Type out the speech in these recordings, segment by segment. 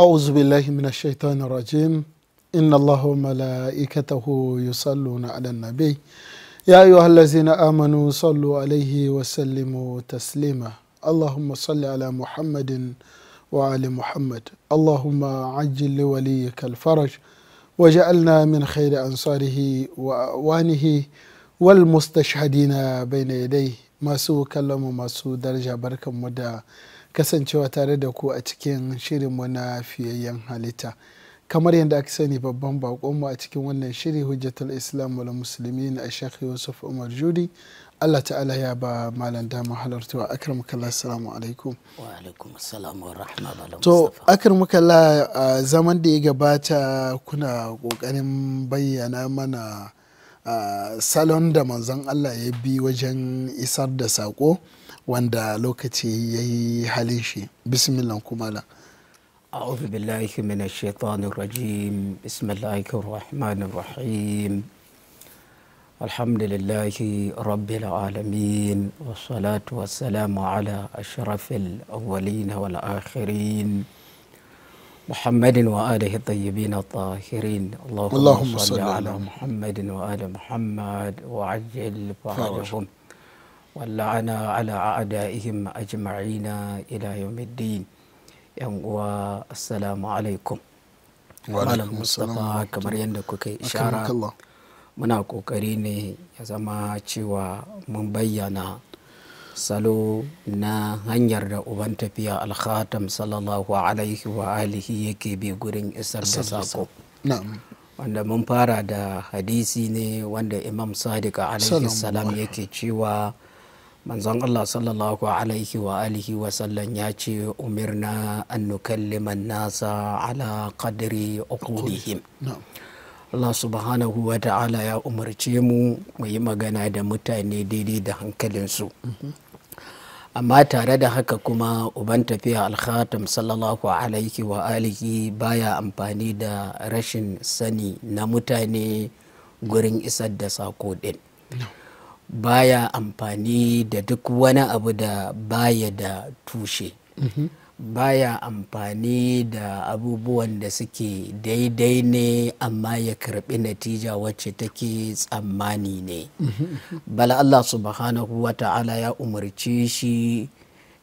أعوذ بالله من الشيطان الرجيم إن الله ملائكته يصلون على النبي يا أيها الذين آمنوا صلوا عليه وسلموا تسليما اللهم صل على محمد وعلى محمد اللهم عجل لوليك الفرج وجعلنا من خير أنصاره وأوانه والمستشهدين بين يديه masu kallonmu masu درجة بركة مدى kasancewa tare da ku a cikin shirinmu na fiyayyen halitta kamar yadda aka sani babban baƙonmu a cikin wannan shiri hujjatul islam wal musulmin a shekh yusuf umar judi allah ta'ala ya ba malam dama halartuwa akram kalla assalamu alaikum wa alaikum assalamu wa to zaman da ya gabata kuna kokarin bayyana mana salon da manzon allah ya bi wajen isar da sako wanda lokaci ya بسم halin shi bismillah أعوذ بالله من الشيطان الرجيم بسم الله الرحمن الرحيم الحمد لله رب العالمين والصلاة والسلام على أشرف الأولين والآخرين محمد وآله الطيبين الطاهرين اللهم, اللهم صل على, على محمد وآل محمد وعجل فرجهم walla'ana ala a'da'ihim ajma'ina ila yawmiddin yan uwa assalamu alaikum malam mustafa kamar yadda kuke ishara muna kokari ne ya zama cewa mun bayyana salo na hanyar da uban tafiya alkhatam sallallahu alaihi wa alihi yake bi gurin isar da sako wanda mun fara da hadisi ne wanda imam sadiq alaihi salam yake cewa manzon Allah sallallahu alaihi wa alihi wa sallam ya ce umirna an nukalliman nasa ala qadri uqulihim Allah subhanahu wa ta'ala ya umarce mu mu yi magana da mutane daidai da hankalinsu mm-hmm. amma tare da haka kuma uban tafiya alkhatam sallallahu alaihi wa alihi baya amfani da rashin sani na mutane gurin isar da sako din no. baya amfani da duk wani abu da baya da tushe mhm. baya amfani da abubuwan da suke daidai ne amma ya karbi natija wacce take tsammani ne mhm, mhm. bala allah subhanahu wa ta'ala ya umarci shi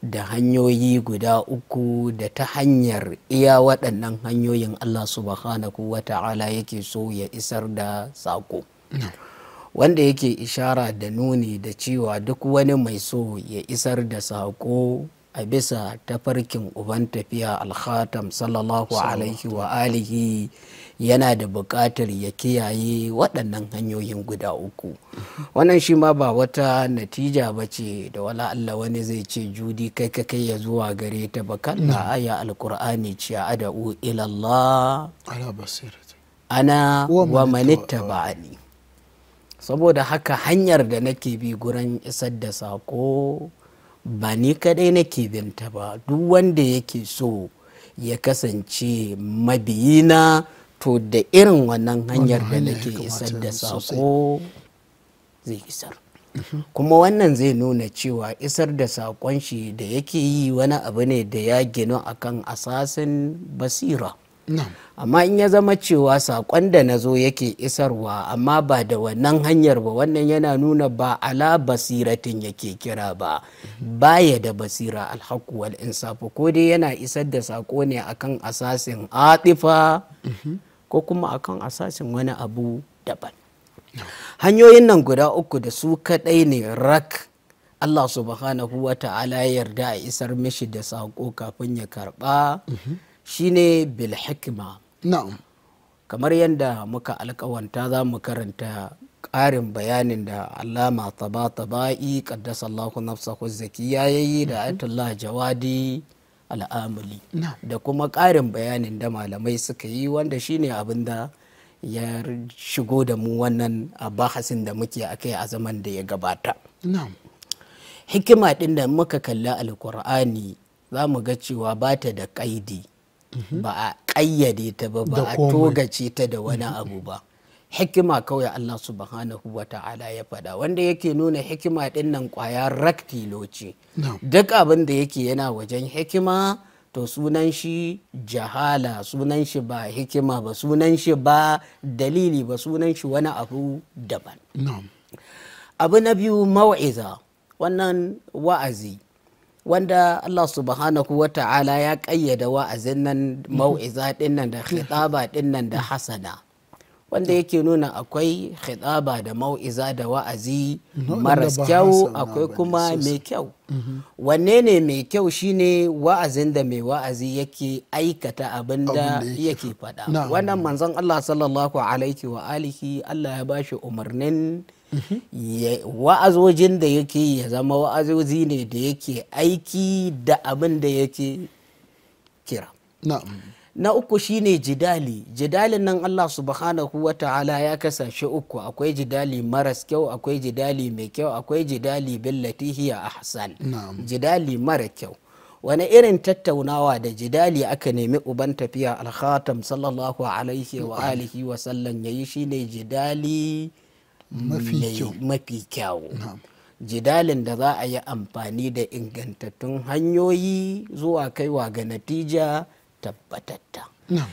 da hanyoyi guda uku da ta hanyar iya waɗannan hanyoyin allah subhanahu wa ta'ala yake so ya isar da saƙo. wanda yake ishara da nuni da cewa duk wani mai so ya isar da saƙo a bisa tafarkin uban tafiya alkhatam sallallahu alaihi wa alihi yana da buƙatar ya kiyaye waɗannan hanyoyin guda uku wannan shi ma ba wata natija ba ce da wala Allah wani zai ce judi kai ka kai ya zuwa gare ta ba kalla mm. aya alkur'ani ce ada'u ilallah ana wa manitta ba'ani saboda haka hanyar da nake bi gurin isar da sako ba ni kadai nake binta ba duk wanda yake so ya kasance mabiyina to da irin wannan hanyar da nake isar da sako zai isar mhm. kuma wannan zai nuna cewa isar da sakon shi da yake yi wani abu ne da ya ginu akan asasin basira amma in ya zama cewa saƙon da na zo yake isarwa amma ba da wannan hanyar ba wannan yana nuna ba ala basiratin yake kira ba baya da basira alhaku wal insafu ko dai yana isar da saƙo ne akan asasin atifa mhm. ko kuma akan asasin wani abu daban hanyoyin nan guda uku da su kaɗai ne rak Allah subhanahu wa ta'ala yarda a isar mishi da saƙo kafin ya karɓa. Mhm. shine bil kamar yadda muka alkawanta za mu karanta ƙarin bayanin da allama taba taba'i kaddasa allahu nafsa zaki ya yi da mhm. ayatollah jawadi al'amuli da kuma ƙarin bayanin da malamai suka yi wanda shine abin da ya shigo da mu wannan a bahasin da muke kai a zaman da ya gabata hikima ɗin da muka kalli alkur'ani za mu ga cewa ba ta da ƙaidi Mhm. ba a ƙayyade ta ba ba a togace ta da wani mhm. abu ba hikima kawai Allah subhanahu wa ta'ala ya faɗa wanda yake nuna hikima ɗin nan ƙwaya raktilo duk abin da yake yana wajen hikima to sunan shi jahala sunan shi ba hikima ba sunan shi ba dalili ba sunan shi wani abu daban abu na biyu mawa'iza wannan wa'azi wanda Allah subhanahu wa ta'ala ya ƙayyada wa'azin nan mau'iza dinnan da khitaba dinnan da hasana wanda yake nuna akwai khitaba da mau'iza da wa'azi maras kyau akwai kuma mai kyau mhm. wanne ne mai kyau shine wa'azin da mai wa'azi yake aikata abin da yake faɗa wannan manzon Allah sallallahu alaihi wa alihi Allah ya bashi umarnin wa'azojin da yake ya zama wa'azozi ne da yake aiki da abin da yake kira na uku shine jidali jidalin nan Allah subhanahu wa ta'ala ya kasashe uku akwai jidali maras kyau akwai jidali mai kyau akwai jidali billati hiya ahsan jidali mara kyau wani irin tattaunawa da jidali aka nemi uban tafiya alkhatam sallallahu alaihi wa alihi wa sallam yayi shine jidali mafi kyawu jidalin da za a yi amfani da ingantattun hanyoyi zuwa kaiwa ga natija tabbatatta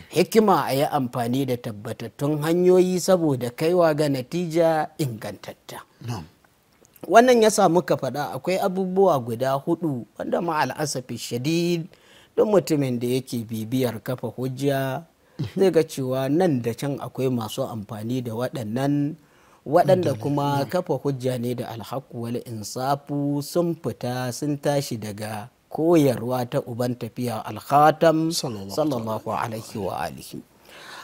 hikima a yi amfani da tabbatattun hanyoyi saboda kaiwa ga natija ingantatta wannan ya samu ka faɗa akwai abubuwa guda hudu wanda ma al'asafi shadid don mutumin da yake bibiyar kafa hujja zai ga cewa nan da can akwai masu amfani da waɗannan waɗanda kuma kafa hujja ne da alhaku wal insafu sun fita sun tashi daga koyarwa ta uban tafiya alhatam sallallahu alaihi wa alihi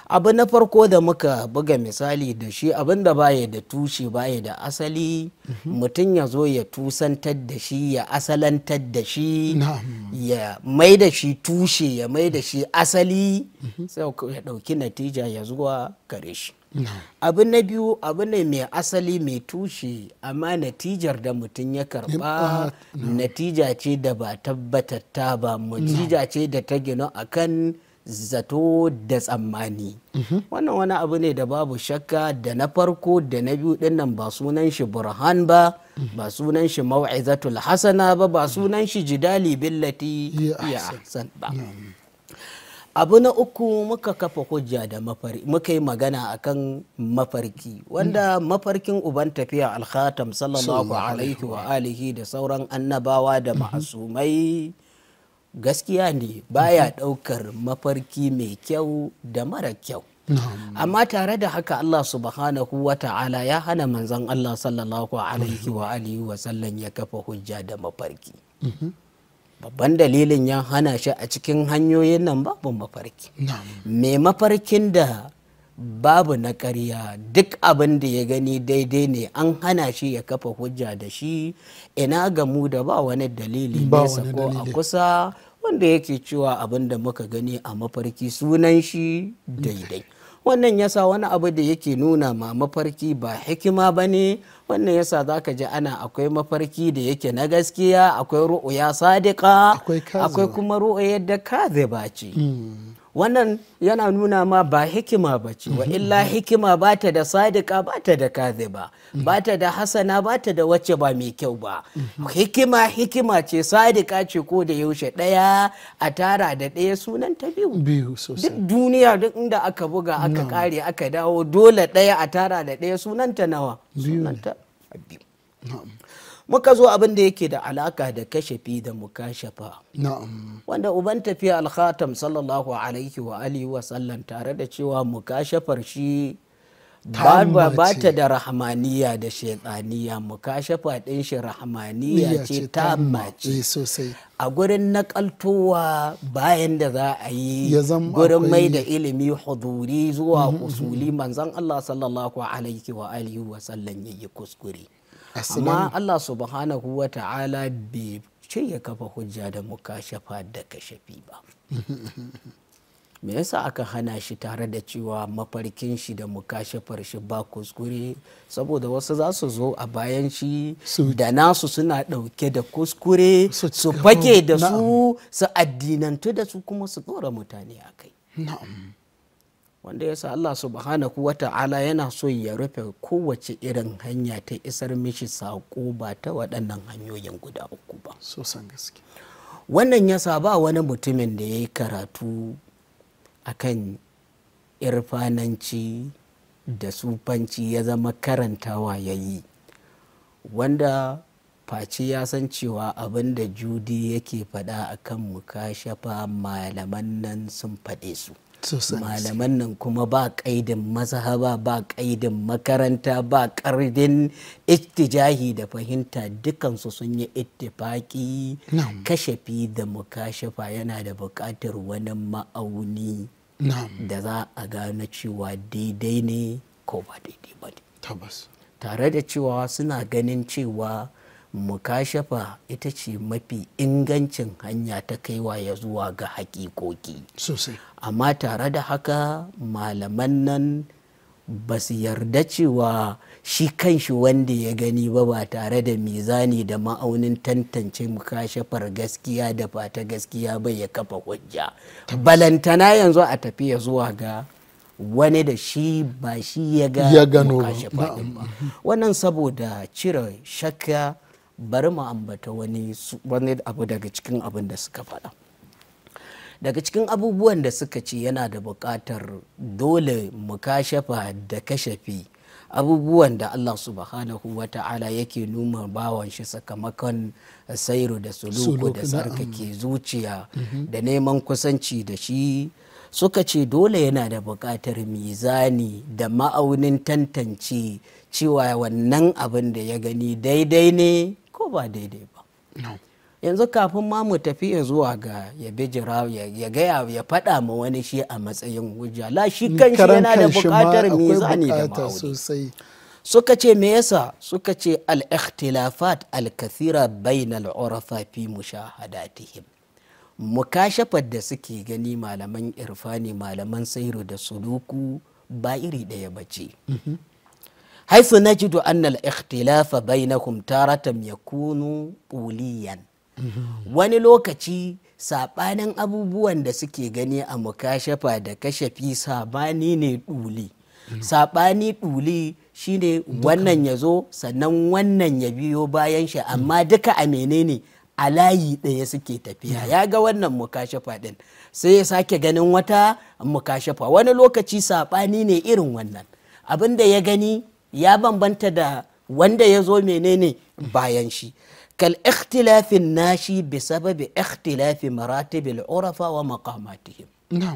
abu na farko da muka buga misali da shi abin da baya da tushe baya da asali mhm. mutum ya zo ya tusantar da shi ya asalantar da shi ya mai da shi tushe ya mai da shi asali mhm. sai ya ɗauki natija ya zuwa gare shi abu na biyu abu ne mai asali mai tushe amma natijar da mutum ya karba natija ce da ba tabbatatta ba natija ce da ta gina akan zato da tsammani mhm. wannan wani abu ne da babu shakka da na farko da na biyu dinnan ba sunan shi burhan ba mhm. ba sunan shi mau'izatul hasana ba ba sunan shi jidali billati ya san ba abu na uku muka kafa hujja da mafarki muka yi magana akan mafarki wanda mafarkin uban tafiya alkhatam sallallahu alaihi wa alihi da sauran annabawa da mhm. ma'asumai gaskiya ne baya daukar mhm. mafarki mai kyau da mara kyau amma tare da haka Allah subhanahu wa ta'ala ya hana manzon Allah sallallahu alaihi wa alihi wa sallam ya kafa hujja da mafarki mhm. babban dalilin ya hana shi a cikin hanyoyin nan babu mafarki me mafarkin da babu na karya duk abin da ya gani daidai ne an hana shi ya kafa hujja da shi ina ga mu da ba wani dalili nesa ko a kusa wanda yake cewa abin da muka gani a mafarki sunan shi daidai wannan yasa wani abu da yake nuna ma mafarki ba hikima ba ne wannan yasa za ka ji ana akwai mafarki da yake na gaskiya akwai ru'uya sadiqa akwai kuma ru'uyar da kaze ce wannan yana nuna ma ba hikima ba ce wa illa hikima ba ta da sadika ba ta da kazi ba Ba ta da hasana ba ta da wacce ba mai kyau ba hikima hikima ce sadika ce ko da yaushe ɗaya a tara da ɗaya sunan ta biyu biyu sosai duk duniya duk inda aka buga aka kare aka dawo dole ɗaya a tara da ɗaya sunan ta nawa sunan ta biyu muka zo abin da yake da alaka da kashafi da mukashafa wanda uban tafiya alhatam sallallahu alaihi wa alihi wa sallam tare da cewa mukashafar shi ba ta da rahmaniya da shaitaniya mukashafa din shi rahmaniya ce ta ce eh, a gurin nakaltowa bayan da za a yi gurin mai da ilimi huduri zuwa mm-hmm, mm-hmm. usuli manzon Allah sallallahu alaihi wa alihi wa sallam yayi kuskure amma Allah subhanahu wa ta'ala bai ce ya kafa hujja da mukashafa da kashafi ba me yasa aka hana shi tare da cewa mafarkin shi da mukashafar shi ba kuskure saboda wasu za su zo a bayan shi da nasu suna ɗauke da kuskure su fake da su su addinantu da su kuma su ɗora mutane a kai wanda ya sa Allah subhanahu wa ta'ala yana so ya rufe kowace irin hanya ta isar mishi saƙo ba ta waɗannan hanyoyin guda uku ba. Sosan gaske. Wannan ya sa ba wani mutumin da ya yi karatu a kan irfananci da sufanci ya zama karantawa ya yi wanda face ya san cewa abin da judi yake faɗa a kan mukashafa malaman nan sun faɗe su. malaman nan kuma ba kaidin mazhaba ba kaidin makaranta ba kardin ittijahi da fahimta dukansu sun yi ittifaki kashafi da mukashafa yana da buƙatar wani ma'auni da za a gano cewa daidai ne ko ba daidai ba ne tare da cewa suna ganin cewa mukashafa ita ce mafi ingancin hanya ta kaiwa ya zuwa ga hakikoki amma tare da haka malaman nan ba su yarda cewa shi kanshi wanda ya gani ba ba tare da mizani da ma'aunin tantance mukashafar gaskiya da fata gaskiya ba ya kafa hujja balantana yanzu a tafiya zuwa ga wani da shi ba shi ya ga mukashafa wannan saboda cire shakka bari mu ambata wani abu daga cikin abin da suka faɗa daga cikin abubuwan da suka ce yana da bukatar dole mu kashafa da kashafi abubuwan da Allah subhanahu wa ta'ala yake numa bawan shi sakamakon sairu da suluku da tsarkake zuciya mhm. da neman kusanci da shi suka ce dole yana da bukatar mizani da ma'aunin tantance cewa wannan abin da ya gani daidai ne ko ba daidai ba yanzu kafin ma mu tafi ya zuwa ga ya jira ya gaya ya faɗa ma wani shi a matsayin hujja la shi mm, shi yana da buƙatar mizani da ma'auni suka ce me yasa suka ce al-ikhtilafat al-kathira bainal urafa fi mushahadatihim mukashafar da suke gani malaman irfani malaman sairu da suluku ba iri ɗaya bace mm-hmm. haifu na jidu annal ikhtilafa bainakum taratan yakunu quliyan wani lokaci sabanin abubuwan da suke gani a mukashafa da kashafi sabani ne duli sabani duli shine wannan ya zo sannan wannan ya biyo bayan shi amma duka a menene a layi ɗaya suke tafiya ya ga wannan mukashafa din sai ya sake ganin wata mukashafa wani lokaci saɓani ne irin wannan abin da ya gani ya bambanta da wanda ya zo menene bayan shi kal ikhtilafin nashi bi sababi ikhtilafi maratibil urafa wa maqamatihim ya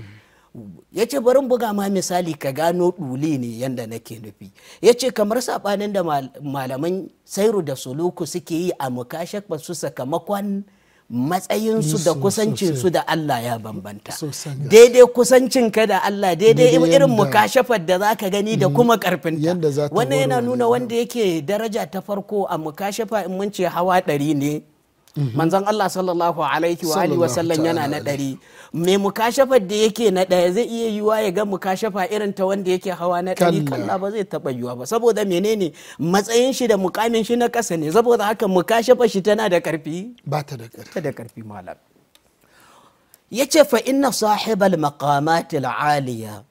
yace bari buga ma misali ka gano ɗuli ne yanda nake nufi yace kamar saɓanin da malaman sairu da suluku suke yi a mukashak basu sakamakon matsayinsu da kusancinsu da Allah ya bambanta daidai kusancin ka da Allah daidai irin mukashafar da za ka gani da mhm. kuma karfinta wannan yana nuna wanda yake daraja ta farko a mukashafa in mun ce hawa ɗari ne Mhm. manzon Allah sallallahu alaihi wa alihi wasallam yana na ɗari me mukashafar da yake na ɗaya zai iya yiwa ya ga mukashafa irin ta wanda yake hawa na ɗari kalla ba zai taɓa yiwa ba saboda menene matsayin shi da mukamin shi na ƙasa ne saboda haka mukashafar shi tana da ƙarfi ba ta da ƙarfi ta da ƙarfi malam yace fa inna sahibal maqamatil aliya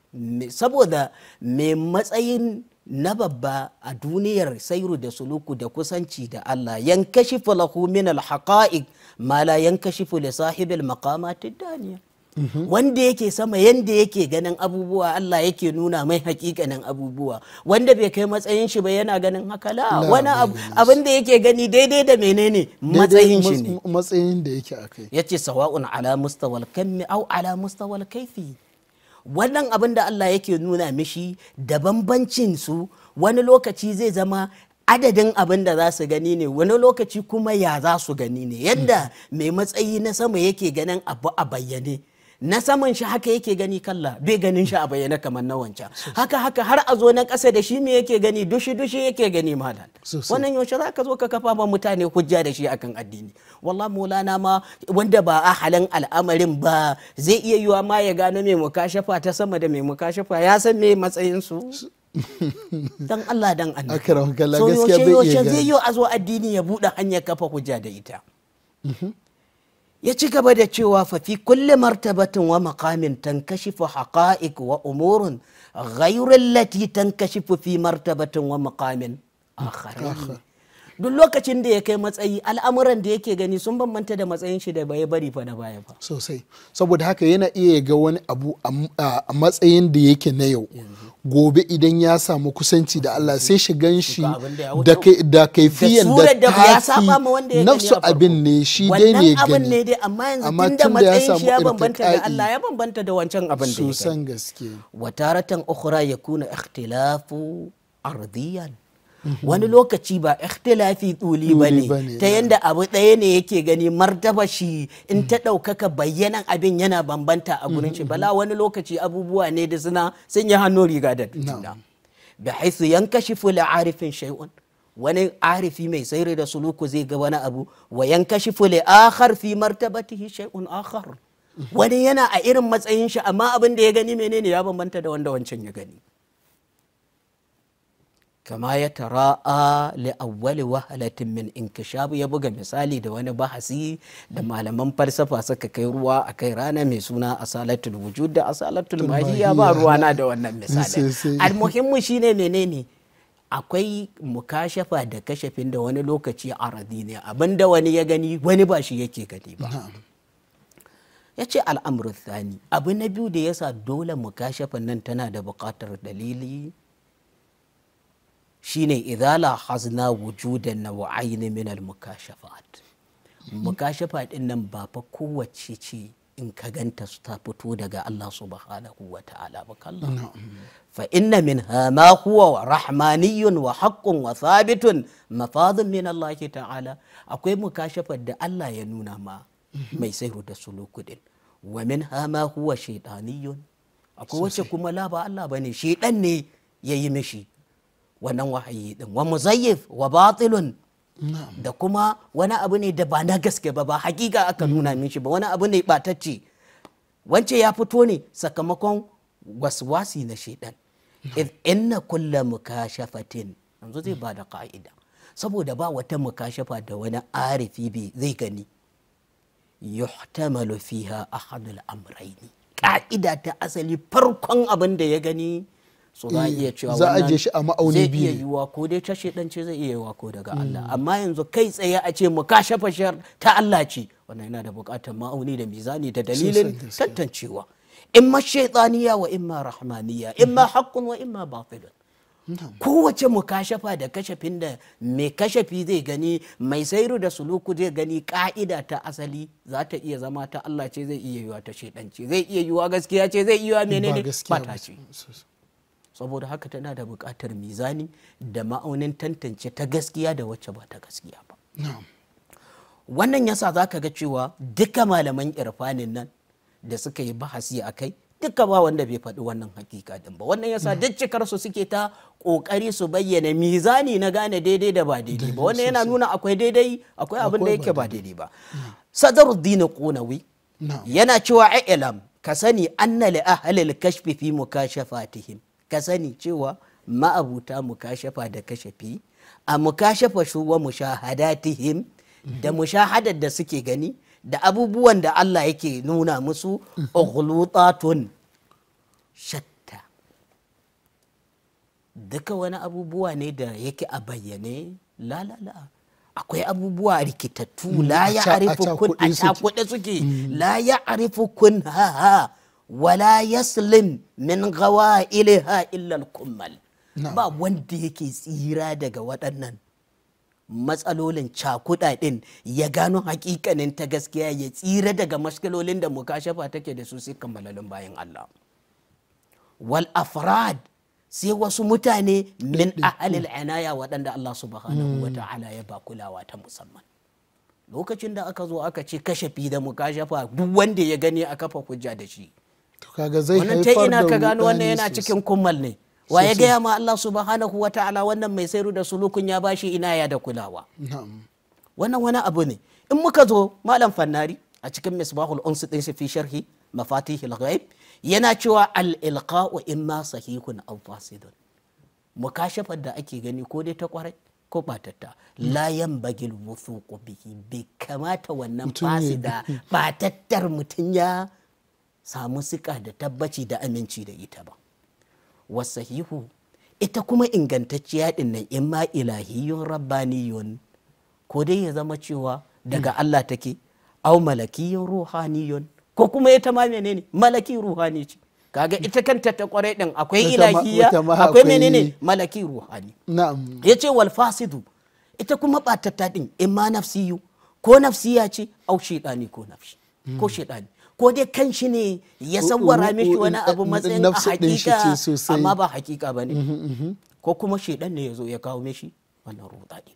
saboda me matsayin na babba a duniyar sairu da suluku da kusanci da Allah kashi falahu min alhaqa'iq ma la yankashifu li sahibil maqamatid daniya mhm. wanda yake sama yanda yake ganin abubuwa Allah yake nuna mai hakikanin abubuwa wanda bai kai matsayin shi ba yana ganin haka la wani abin da yake gani daidai da menene matsayin shi ne matsayin da yake akai yace sawa'un ala mustawal kammi aw ala mustawal kaifi wannan abin da Allah yake nuna mishi da bambancin su wani lokaci zai zama adadin abin da za su gani ne wani lokaci kuma ya za su gani ne yadda hmm. mai matsayi na sama yake ganin abu a bayyane na saman shi haka yake gani kalla bai ganin shi a bayyana kamar na wancan haka haka har a zo na kasa da shi me yake gani dushi dushi yake gani malam wannan yaushe za ka zo ka kafa ma mutane hujja da shi akan addini wallahi mulana ma wanda ba a halin al'amarin ba zai iya yiwa ma ya gano mai mukashafa ta sama da mai mukashafa ya san me matsayin su dan Allah dan Allah akram yaushe zai yi a zo addini ya buɗe hanyar kafa hujja da ita mhm. ya ci gaba da cewa fafi kulle martabatin wa maqamin tankashifu haqa'iq wa umurun ghayru allati tankashifu fi martabatin wa maqamin akharin duk lokacin da ya kai matsayi al'amuran da yake gani sun bambanta da matsayin shi da bai bari fa da baya ba. sosai saboda haka yana iya ga wani abu a matsayin da yake na yau gobe idan ya samu kusanci da Allah sai shi gan shi da kaifiyan da tafi nafsu abin ne shi dai ne gani amma tun da ya samu Allah ya bambanta da wancan abin da ya gani gaske wataratan ukhra yakuna ikhtilafu ardiyan wani lokaci ba ikhtilafi tsuli ba ne ta yadda abu ɗaya ne yake gani martaba shi in ta ɗaukaka bayyanan abin yana bambanta a gurin shi mm-hmm. bala wani lokaci abubuwa ne da suna sun yi hannu riga da su bi haisu fula arifin shay'un wani arifi mai sayar da suluku zai ga wani abu wa kashi li akhar fi martabatihi shay'un akhar mm-hmm. wani yana a irin matsayin shi amma abin da ya gani menene ya bambanta da wanda wancan ya gani kama ya tara'a li'awwali wahalatin min inkishabu ya buga misali da wani bahasi da malaman falsafa suka kai ruwa a kai rana mai suna asalatul wujud da asalatul mahiya ba ruwa na da wannan misali almuhimmu shine menene akwai mukashafa da kashafin da wani lokaci aradi ne abinda wani ya gani wani ba shi yake gani ba ya ce thani abu na biyu da yasa dole mukashafan nan tana da buƙatar dalili shine idala hazna wujudan na wa'ayin min al mukashafat mukashafa din nan ba fa kowace ce in ka ganta su ta fito daga Allah subhanahu wa ta'ala ba kallon fa inna min ma huwa rahmaniyun wa haqqun wa thabitun mafadun min Allah ta'ala akwai mukashafar da Allah ya nuna ma mhm. mai sairu da sulukudin wa min ma huwa shaytaniyun akwai wacce kuma la ba Allah bane shaydan ne yayi mishi wannan wahayi din wa muzayyif wa batilun da kuma wani abu ne da ba na gaske ba ba hakika aka nuna min shi ba wani abu ne batacce wance ya fito ne sakamakon waswasi na shaidan iz inna kulla mukashafatin yanzu zai ba da ka'ida saboda ba wata mukashafa da wani arifi bi zai gani yuhtamalu fiha ahadul amraini ka'ida ta asali farkon abin da ya gani so za a iya eh, cewa za a je shi a ma'auni biyu zai iya yiwa ko dai ta ce zai iya yiwa ko daga hmm. Allah amma yanzu kai tsaye a ce mukashafa shar ta Allah ce wannan yana da buƙatar ma'auni da mizani da dalilin tantancewa ma shaytaniya wa in ma rahmaniya ma hmm. haqqun wa ma batilun hmm. kowace mukashafa da kashafin da mai kashafi zai gani mai sairu da suluku zai gani ka'ida ta asali za ta iya zama ta Allah ce zai iya yiwa ta shaidanci zai iya yiwa gaskiya ce zai iya menene ba ta ce saboda haka tana da bukatar mizani da ma'aunin tantance ta gaskiya da wacce ba ta gaskiya ba wannan yasa za ka ga cewa duka malaman irfanin nan da suka yi bahasi a kai duka ba wanda bai faɗi wannan hakika din ba wannan yasa cikar su suke ta kokari su bayyana mizani na gane daidai da ba daidai ba wannan yana nuna akwai daidai akwai abin da yake ba daidai ba sadaruddin qunawi yana cewa ilam ka sani anna li ahlil kashf fi mukashafatihim ka sani cewa ma'abuta mukashafa da kashafi a mu mukashafa su wa shahadatihim da mhm. mu shahadar da suke gani da abubuwan da Allah yake nuna musu mhm. ughlutatun shatta duka wani abubuwa ne da yake a bayyane la la la akwai abubuwa rikitattu mm, la ya arifu suke mm. la ya arifu kun ha ha wala يسلم min غوائلها iliha illal kummal ba wanda yake tsira daga waɗannan matsalolin cakuɗa ɗin ya gano haƙiƙanin ta gaskiya ya tsira daga maskalolin da mukashafa take da su sai kammalalin bayan Allah wal afrad sai wasu mutane min ahalil anaya waɗanda Allah subhanahu wa ta'ala ya ba kulawa ta musamman lokacin da aka zo aka ce kashafi da mukashafa duk wanda ya gani a kafa hujja da shi wannan ta ina ka gano wannan yana cikin kummal ne wa ya gaya ma Allah subhanahu wa ta'ala wannan mai sairu da sulukun ya bashi ina ya da kulawa wannan wani abu ne in muka zo malam fannari a cikin misbahul unsi din shi fi sharhi mafatihil ghaib yana cewa al wa imma sahihun aw fasidun mukashafar da ake gani ko dai ta kwarai ko batatta la yanbagil wuthuqu bihi bi kamata wannan fasida batattar mutun ya samu suka da tabbaci da aminci da ita ba wasahihu ita kuma ingantacciya din nan in ma ilahiyun rabbaniyun ko dai ya zama cewa daga hmm. Allah take au malakiyun ruhaniyun ko kuma ita ma menene malaki ruhani ce kaga ita kanta ta kware din akwai ilahiya akwai menene malaki ruhani na'am yace wal fasidu ita kuma batatta din imma nafsiyu ko nafsiya ce au shedani ko nafsi ko hmm. shedani ko dai kan shi ne ya sawwara mishi wani abu matsayin a hakika amma ba hakika ba ne mhm, mhm. ko kuma shaidan ne ya zo ya kawo mishi wannan rudani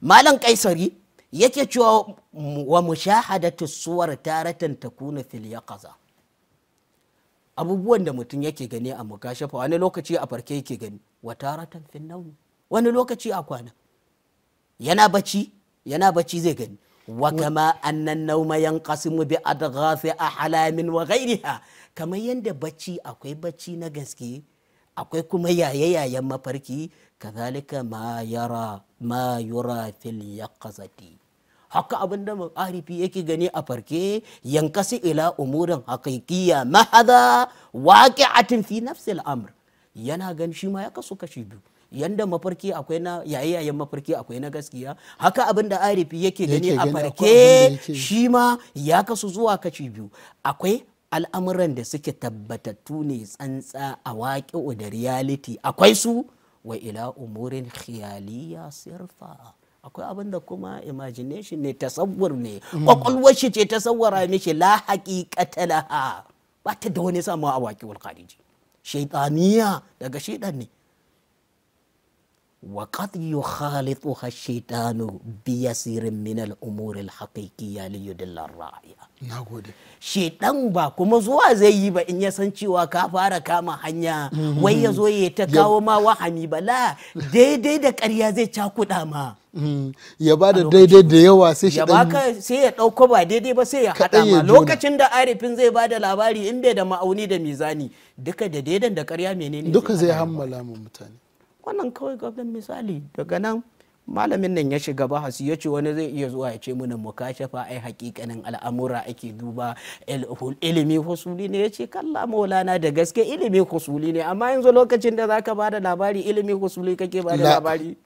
malam kaisari yake cewa wa mushahadatu suwar taratan takuna fil yaqaza abubuwan da mutum yake gani a mukashafa wani lokaci a farke yake gani wa taratan fil nawm wani lokaci a kwana yana bacci yana bacci zai gani وكما أن النوم ينقسم بأضغاث أحلام وغيرها كما يند بچي أكوي بچي نغسكي أكوي كما يايا يايا مفركي كذلك ما يرى ما يرى في اليقظة haka abin da arifi yake gani a farke yankasi ila umurin haƙiƙiya mahada waƙi'atin fi nafsil amr yana gan shi ma ya kasu kashi biyu yanda mafarki akwai na yayayen mafarki akwai na gaskiya haka abin da arifi yake gani a farke shi ma ya kasu zuwa kaci biyu akwai al'amuran da suke tabbatattu ne tsantsa a waƙi da reality akwai su wa ila umurin khiyaliya sirfa akwai abin da kuma imagination ne tasawwur ne mm. kwakwalwar shi ce tasawwara mishi la haƙiƙata laha ba ta da wani samuwa a waƙi wal khariji shaitaniya daga shaitan ne وقد يخالطها الشيطان بيسير من الأمور الحقيقية ليدل الرأي shedan ba kuma zuwa zai yi ba in ya san cewa ka fara kama hanya mhm. wai ya zo ya ta kawo ma wahami bala daidai da ƙarya zai cakuɗa ma mhm. ya ba da daidai da yawa sai shi sai ya dauko ba daidai ba sai ya hada ma lokacin da arifin zai ba da labari in bai da ma'auni da mizani duka da daidan da ƙarya menene duka zai hammala mu mutane wannan kawai gwamnan misali daga nan malamin nan ya shiga bahasi ya ce wani zai iya zuwa ya ce mana mukashafa ai hakikanin al'amura ake duba ilimi husuli ne ya ce kalla maulana da gaske ilimi husuli ne amma yanzu lokacin da zaka bada labari ilimi husuli kake bada labari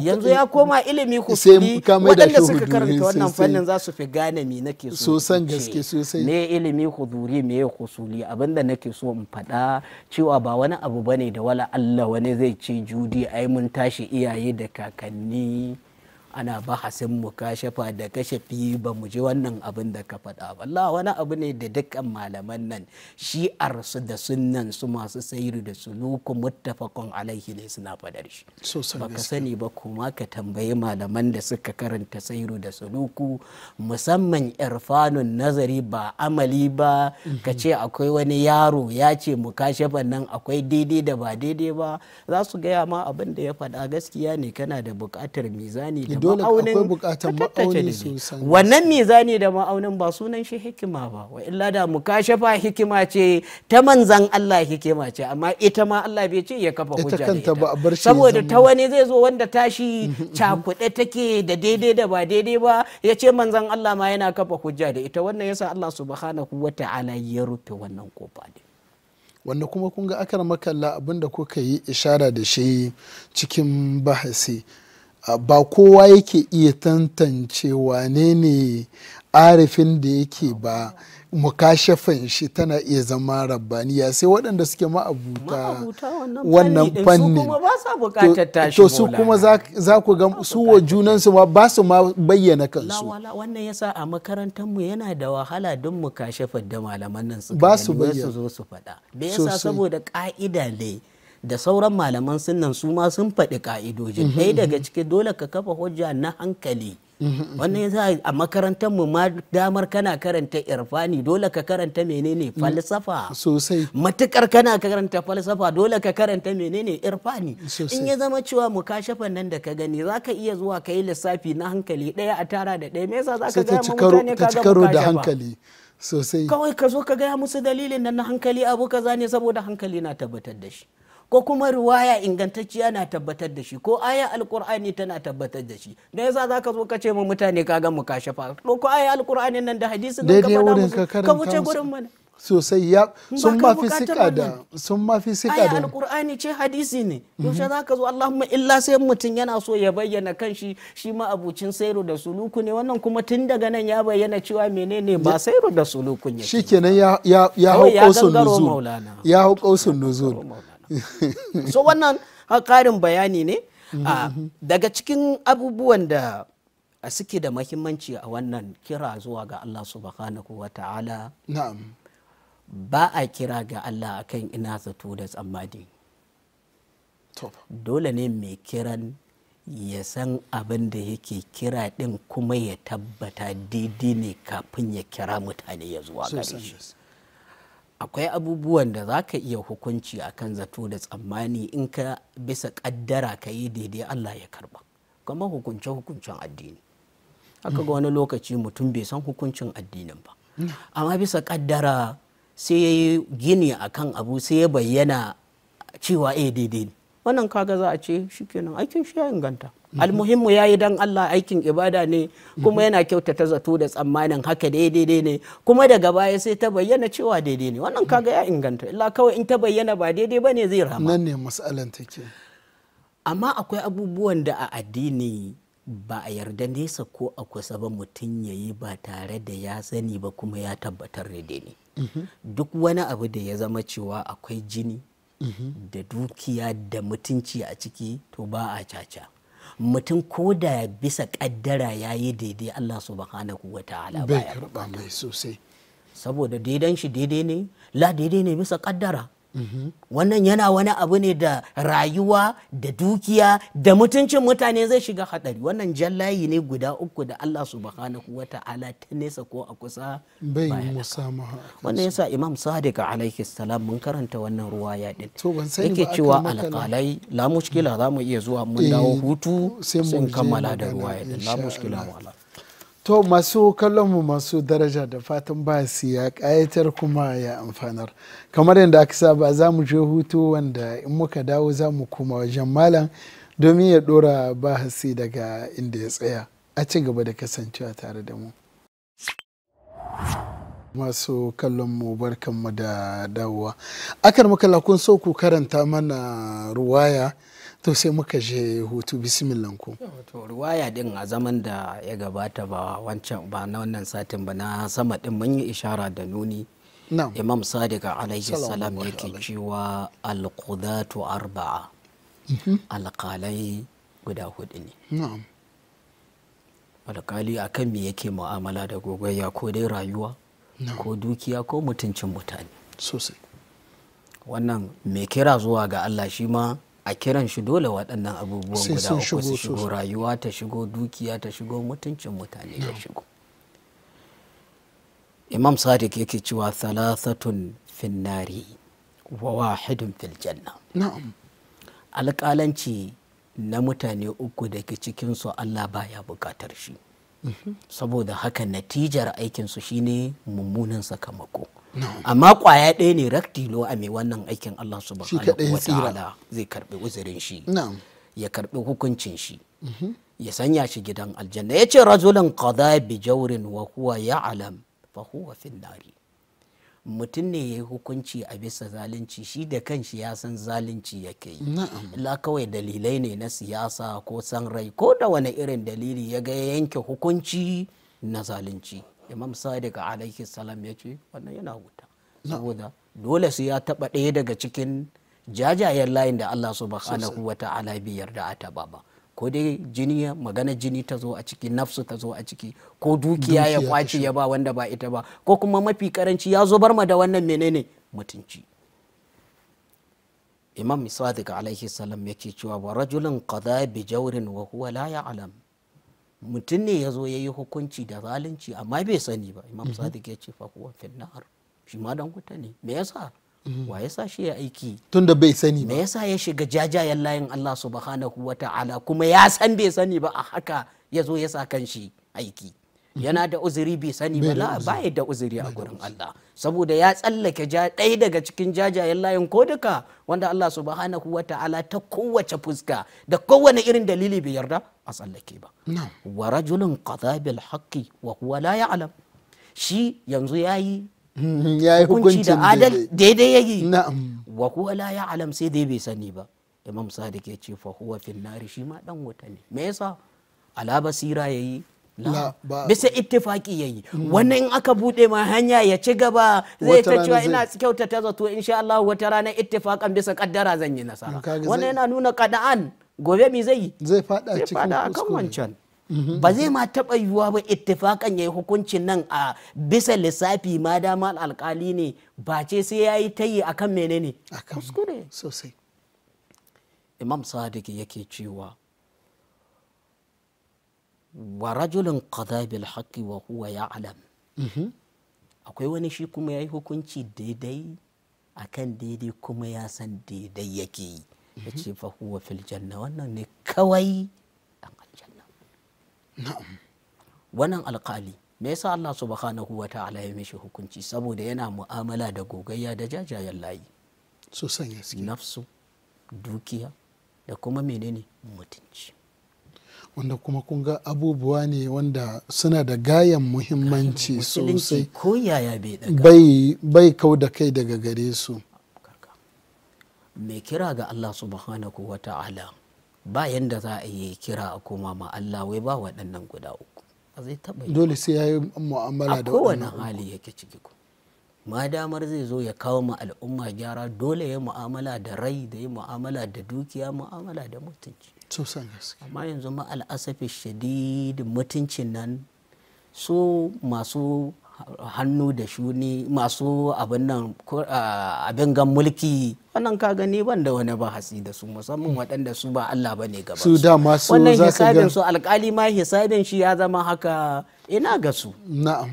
yanzu ya koma ilimi husuli waɗanda suka karanta wannan fannin za su fi gane me nake so sosan gaske sosai me ilimi huduri me husuli abinda nake so in faɗa cewa ba wani abu bane da wala Allah wani zai ce judi ai mun tashi iyaye da kaka knee ana bahasin mu kashafa da kashafi ba mu ji wannan abin da ka faɗa ba Allah wani abu ne da dukkan malaman nan shi'ar arsu da sunnan su masu sairu da suluku muttafaqun alaihi ne suna faɗar shi baka sani ba kuma ka tambayi malaman da suka karanta sairu da suluku musamman irfanun nazari ba amali ba ka ce akwai wani yaro ya ce mu kashafa nan akwai daidai da ba daidai ba za su gaya ma abin da ya faɗa gaskiya ne kana da bukatar mizani da dole akwai bukatar ma'auni wannan mizani da ma'aunin ba sunan shi hikima ba wa illa da mukashafa hikima ce ta manzan Allah hikima ce amma ita ma Allah bai ce ya kafa hujja da ita saboda ta wani zai zo wanda tashi cakuɗe take da daidai da ba daidai ba ya ce manzan Allah ma yana kafa hujja da ita wannan yasa Allah subhanahu wata'ala ya rufe wannan kofa wanda kuma kun ga akar makalla abinda kuka yi ishara da shi cikin bahasi ba kowa yake iya tantance wane ne arifin da yake ba mukashafin shi tana iya zama rabbaniya sai waɗanda suke ma'abuta wannan fannin to su kuma za ku ga su wa junansu ma ba su ma bayyana kansu wannan yasa a makarantar mu yana da wahala don kashe da malaman nan su ba su zo su faɗa me yasa saboda ka'ida ne da sauran malaman sunan su ma sun faɗi ka'idojin mm-hmm, ɗaya daga mm-hmm. ciki dole ka kafa hujja na hankali mm-hmm, wannan yasa a makarantar mu ma damar kana karanta irfani dole ka karanta menene falsafa sosai matukar kana karanta falsafa dole ka karanta menene irfani in ya zama cewa mu kashe nan da ka gani zaka iya zuwa ka yi lissafi na hankali ɗaya a tara da ɗaya me yasa zaka ga mutane ka ga mu hankali sosai kawai ka zo ka gaya musu dalilin nan na hankali abu kaza ne saboda hankali na tabbatar da shi ko kuma ruwaya ingantacciya na tabbatar da shi ko aya alkur'ani tana tabbatar da shi da yasa zaka zo ka ce ma mutane ka ga mu kashe fa ko aya alkur'ani nan da hadisi da ka faɗa musu ka wuce gurin mana sosai ya sun ma fi sika da sun ma fi sika da alkur'ani ce hadisi ne mhm. yaushe zaka zo Allahumma illa sai mutum yana so ya bayyana kanshi shi ma abucin sairu da suluku ne wannan kuma tun daga nan ya bayyana cewa menene ba sairu da suluku ne shikenan ya ya ya nuzul ya hau qausun nuzul so wannan karin bayani ne daga cikin abubuwan da suke da mahimmanci a wannan kira zuwa ga Allah subhanahu wa ta'ala ba a kira ga Allah akan ina zato da tsammadi dole ne mai kiran ya san abin da yake kira din kuma ya tabbata daidai ne kafin ya kira mutane ya zuwa gare shi akwai abubuwan da za ka iya hukunci akan zato da tsammani in ka bisa kaddara ka yi daidai Allah ya karba kamar hukunce hukuncen addini haka ga wani lokaci mutum bai san hukuncin addinin ba amma bisa kaddara sai ya yi gini akan abu sai ya bayyana cewa ya eh, daidai wannan kaga za a ce kenan aikin shi ya inganta almuhimmu ya yi don Allah aikin ibada ne kuma yana kyautata zato da tsammanin haka daidai ne kuma daga baya sai ta bayyana cewa daidai ne wannan kaga ya inganta illa kawai in ta bayyana ba daidai ba ne zai rama nan ne mas'alan take amma akwai abubuwan da a addini ba a yarda nesa ko a kusa ba mutum ya yi ba tare da ya sani ba kuma ya tabbatar da ne mm-hmm. duk wani abu da ya zama cewa akwai jini da dukiya da mutunci a ciki to ba a caca mutum ko da bisa kaddara ya yi daidai Allah subhanahu wa ta'ala ya karba mai sosai saboda daidan shi daidai ne la daidai ne bisa kaddara wannan yana wani abu ne da rayuwa da dukiya da mutuncin mutane zai shiga hadari wannan jallayi ne guda uku da Allah subhanahu wa ta'ala ta nesa ko a kusa bai musamaha wannan yasa Imam Sadiq alaihi salam mun karanta wannan ruwaya din yake cewa alqalai la mushkila za mu iya zuwa mun dawo eh, hutu sun kammala da ruwaya din la mushkila Allah to masu kallonmu masu daraja da fatan ba su ya kayatar kuma ya amfanar kamar yadda aka saba za mu je hutu wanda in muka dawo za mu kuma wajen malam domin ya dora bahasi daga inda ya tsaya a ci gaba da kasancewa tare da mu masu kallonmu barkanmu da dawowa akar makalakun so ku karanta mana ruwaya to sai muka je hutu bismillah ku to ruwaya din a zaman da ya gabata ba wancan ba na wannan satin ba na sama din mun yi ishara da nuni imam sadiq alaihi salam yake cewa alqudatu arba'a mhm. alqalai guda hudu ne alkali alqali akan me yake mu'amala da gogayya ko dai rayuwa ko dukiya ko mutuncin mutane sosai wannan me kira zuwa ga allah shi ma a kiran shi dole waɗannan abubuwan guda uku su shigo rayuwa ta shigo dukiya ta shigo mutuncin mutane ya shigo imam sadiq yake cewa thalathatun finnari wa wahidun fil janna alƙalanci na mutane uku da ke cikinsu allah baya buƙatar shi mhm. saboda haka natijar aikin su shine mummunan sakamako amma kwaya ɗaya ne raktilo a mai wannan aikin Allah subhanahu wa zai karbi uzurin shi ya karbi hukuncin shi mm-hmm. ya sanya shi gidan aljanna ya ce rajulan qada bi jawrin wa huwa ya'lam fa huwa fin nari mutum ne ya yi hukunci a bisa zalunci shi da kanshi ya san zalunci yake yi la kawai dalilai ne na siyasa ko san rai ko da wani irin dalili ya ga yanke hukunci na zalunci imam sadiq alaihi salam ya ce wannan yana wuta saboda dole sai ya taba ɗaya daga cikin jajayen layin da Allah subhanahu wa ta'ala biyar da a taba ba ko dai jini magana jini ta zo a ciki nafsu ta zo a ciki ko dukiya ya kwaci ya ba wanda ba ita ba ko kuma mafi karanci ya zo ma da wannan menene mutunci imam sadiq alaihi salam yake cewa wa rajulin qada bi jawrin wa huwa la ya'lam mutum ne ya zo ya yi hukunci da zalunci amma bai sani ba imam mhm. sadiq ya ce fa kuwa finnar shi ma dan wuta ne me yasa mhm. wa yasa shi ya aiki tunda bai sani ba me yasa ya shiga jajayen layin Allah subhanahu wata'ala kuma ya san bai sani ba a haka ya zo ya sa kanshi aiki yana da uzuri bai sani ba la ba da uzuri a gurin Allah saboda ya tsallake ja ɗaya daga cikin jajayen layin ko duka wanda Allah subhanahu wa ta'ala ta kowace fuska da kowane irin dalili bai yarda a tsallake ba wa rajulun qada bil haqqi wa huwa la ya'lam shi yanzu yayi yayi hukunci da adal daidai yayi na'am wa huwa la ya'lam sai dai bai sani ba imam sadiq ya ce fa huwa fil nari shi ma dan wuta ne me yasa ala basira yayi bisa ittifaki yayi hmm. wannan in aka bude ma hanya ya ci gaba zai ta cewa ina kyautata zato insha Allah wata rana ittifakan bisa kaddara zan yi nasara hmm, wannan yana nuna kada'an gobe mi zai zai fada cikin wancan mhm. ba zai ma taba yiwuwa ba ittifakan yayi yi hukuncin nan a bisa lissafi ma dama alkali ne ba ce sai ya tayi akan menene kuskure sosai imam sadiq yake cewa wa rajulin qada bil haqqi wa huwa ya'lam akwai wani shi kuma yayi hukunci daidai akan daidai kuma ya san daidai yake yi yace fa huwa fil janna wannan ne kawai dan aljanna na'am wannan alqali me yasa Allah subhanahu wa ta'ala ya mishi hukunci saboda yana mu'amala da gogayya da jajayen layi so sanya nafsu dukiya da kuma menene mutunci wanda kuma kun ga abubuwa ne wanda suna da gayan muhimmanci sosai bai kau da kai daga gare su mai kira ga Allah subhanahu wa ta'ala bayan da za a yi kira a koma ma Allah wai ba waɗannan guda uku dole sai ya yi mu'amala da wani hali yake ciki ku ma damar zai zo ya kawo ma al'umma gyara dole ya mu'amala da rai da ya mu'amala da dukiya mu'amala da mutunci amma yanzu ma al'asafi shadid mutuncin nan su masu hannu da shuni masu abin nan abin gan mulki wannan ka gani ban da wani ba hasi da su musamman waɗanda su ba Allah bane gaba su dama su wannan hisabin su alkali ma hisabin shi ya zama haka ina ga su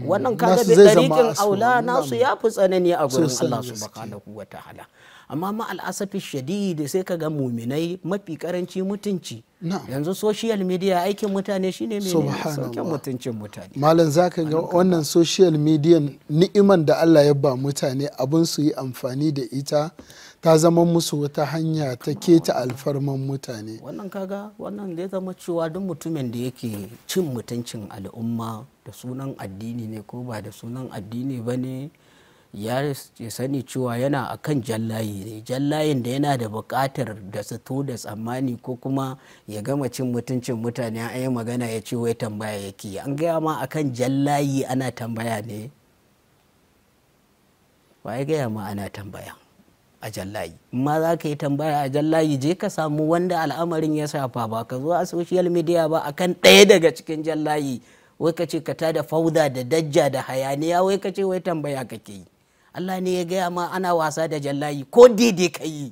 wannan ga da tarikin aula nasu ya fi tsanani a gurin Allah subhanahu wataala amma ma al'asafi shadidi sai ka ga muminai mafi karanci mutunci yanzu social media aikin mutane shine mai sauke mutuncin mutane malam zaka ga wannan social media ni'iman da Allah ya ba mutane abin su yi amfani da ita ta zama musu wata hanya ta keta alfarman mutane wannan kaga wannan zai zama cewa duk mutumin da yake cin mutuncin al'umma da sunan addini ne ko ba da sunan addini ba ne ya sani cewa yana akan jallayi ne jallayin da yana da bukatar da sato da tsammani ko kuma ya gama cin mutuncin mutane an yi magana ya ce wai tambaya yake an gaya ma akan jallayi ana tambaya ne ba ya gaya ma ana tambaya a jallayi ma za ka yi tambaya a jallayi je ka samu wanda al'amarin ya shafa ba ka zo a social media ba a kan ɗaya daga cikin jallayi wai ka ce ka tada fauda da dajja da hayaniya wai ka ce wai tambaya kake yi Allah ne ya gaya ma ana wasa da jallayi ko daidai ka yi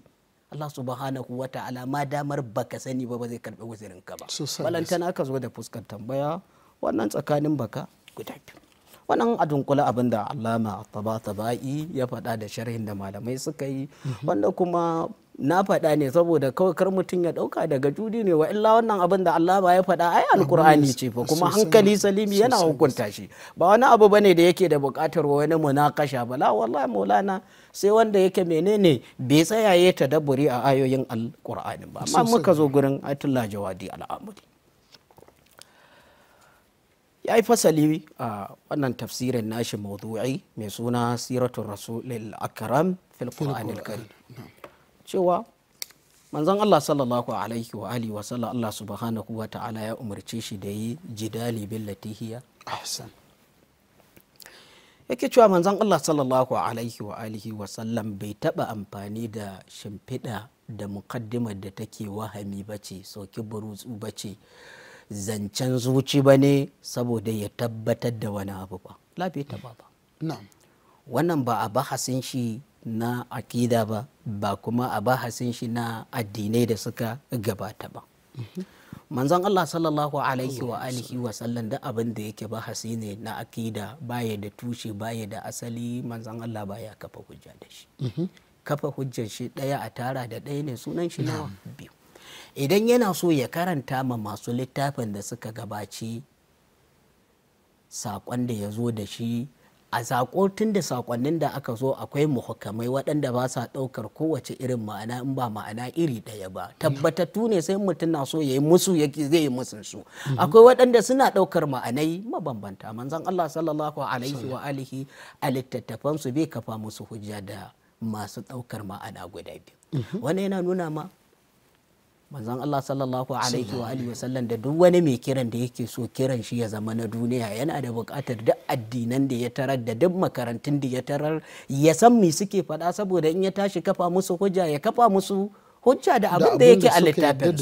Allah subhanahu wa ta'ala ma damar baka sani ba ba zai karbi uzurin ka ba balantana ka zo da fuskar tambaya wannan tsakanin baka guda biyu wannan a dunkula abin da allama taba ba'i ya faɗa da sharhin da malamai suka yi mhm. wanda kuma na faɗa ne saboda kawai kar mutum ya ɗauka daga judi ne wa illa wannan abin da Allah ba ya faɗa ai alkur'ani ce fa kuma hankali salimi yana hukunta shi ba wani abu bane da yake da buƙatar wani munakasha ba la wallahi maulana sai wanda yake menene bai tsaya ya tadabburi a ayoyin alkur'ani ba amma muka zo gurin Atullah Jawadi al'amuri ya yi fasali a wannan tafsirin nashi mawdu'i mai suna siratul rasulil akram fil qur'anil karim cewa manzon Allah sallallahu alaihi wa alihi wa sallam Allah subhanahu wa ta'ala ya umarce shi da yi jidali bil latihiya ahsan yake cewa manzon Allah sallallahu alaihi wa alihi wa sallam bai taba amfani da shimfiɗa da muqaddimar da take wahami bace sauki burutsu bace zancen zuci ba ne saboda ya tabbatar da wani abu ba bai taba ba wannan ba a bahasin shi na akida ba ba kuma a bahasin shi na addinai da suka gabata ba manzon Allah sallallahu alaihi wa alihi wa sallam da abin da yake bahasi ne na akida baya da tushe baya da asali manzon Allah baya kafa hujja da shi kafa hujjar shi ɗaya a tara da ɗaya ne sunan shi nawa biyu idan yana so ya karanta ma masu littafin da suka gabaci saƙon da ya zo da shi a saƙo tun da saƙonnin da aka zo akwai muhukamai waɗanda ba sa ɗaukar kowace irin ma'ana in ba ma'ana iri ɗaya ba tabbatattu ne sai mutum na so ya yi musu ya zai yi musun su mhm. akwai waɗanda suna ɗaukar ma'anai mabambanta manzan Allah sallallahu alaihi wa alihi a littattafan su bai kafa musu hujja da masu ɗaukar ma'ana guda biyu mhm. Wani yana nuna ma manzon Allah sallallahu alaihi wa alihi wasallam da duk wani mai kiran da yake so kiran shi ya zama na duniya yana da bukatar duk addinan da ya tarar da duk makarantun da ya tarar ya san me suke faɗa saboda in ya tashi kafa musu hujja ya kafa musu hujja da abin da yake a littafin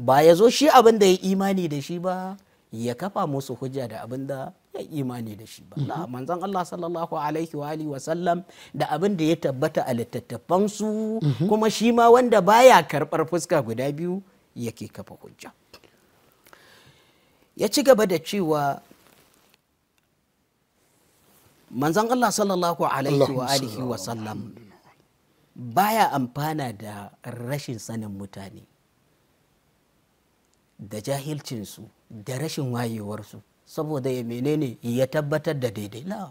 ba ya zo shi abin da ya imani da shi ba ya kafa musu hujja da abin da imani da shi ba na mm-hmm. manzon Allah sallallahu alaihi wa alihi wa sallam da abin da ya tabbata a littattafan su mm-hmm. kuma shi ma wanda baya karbar fuska guda biyu yake kafa hujja ya ci gaba da cewa manzon Allah sallallahu alaihi wa alihi wa sallam baya amfana da rashin sanin mutane da jahilcinsu da rashin wayewarsu saboda ya menene ya tabbatar da daidai na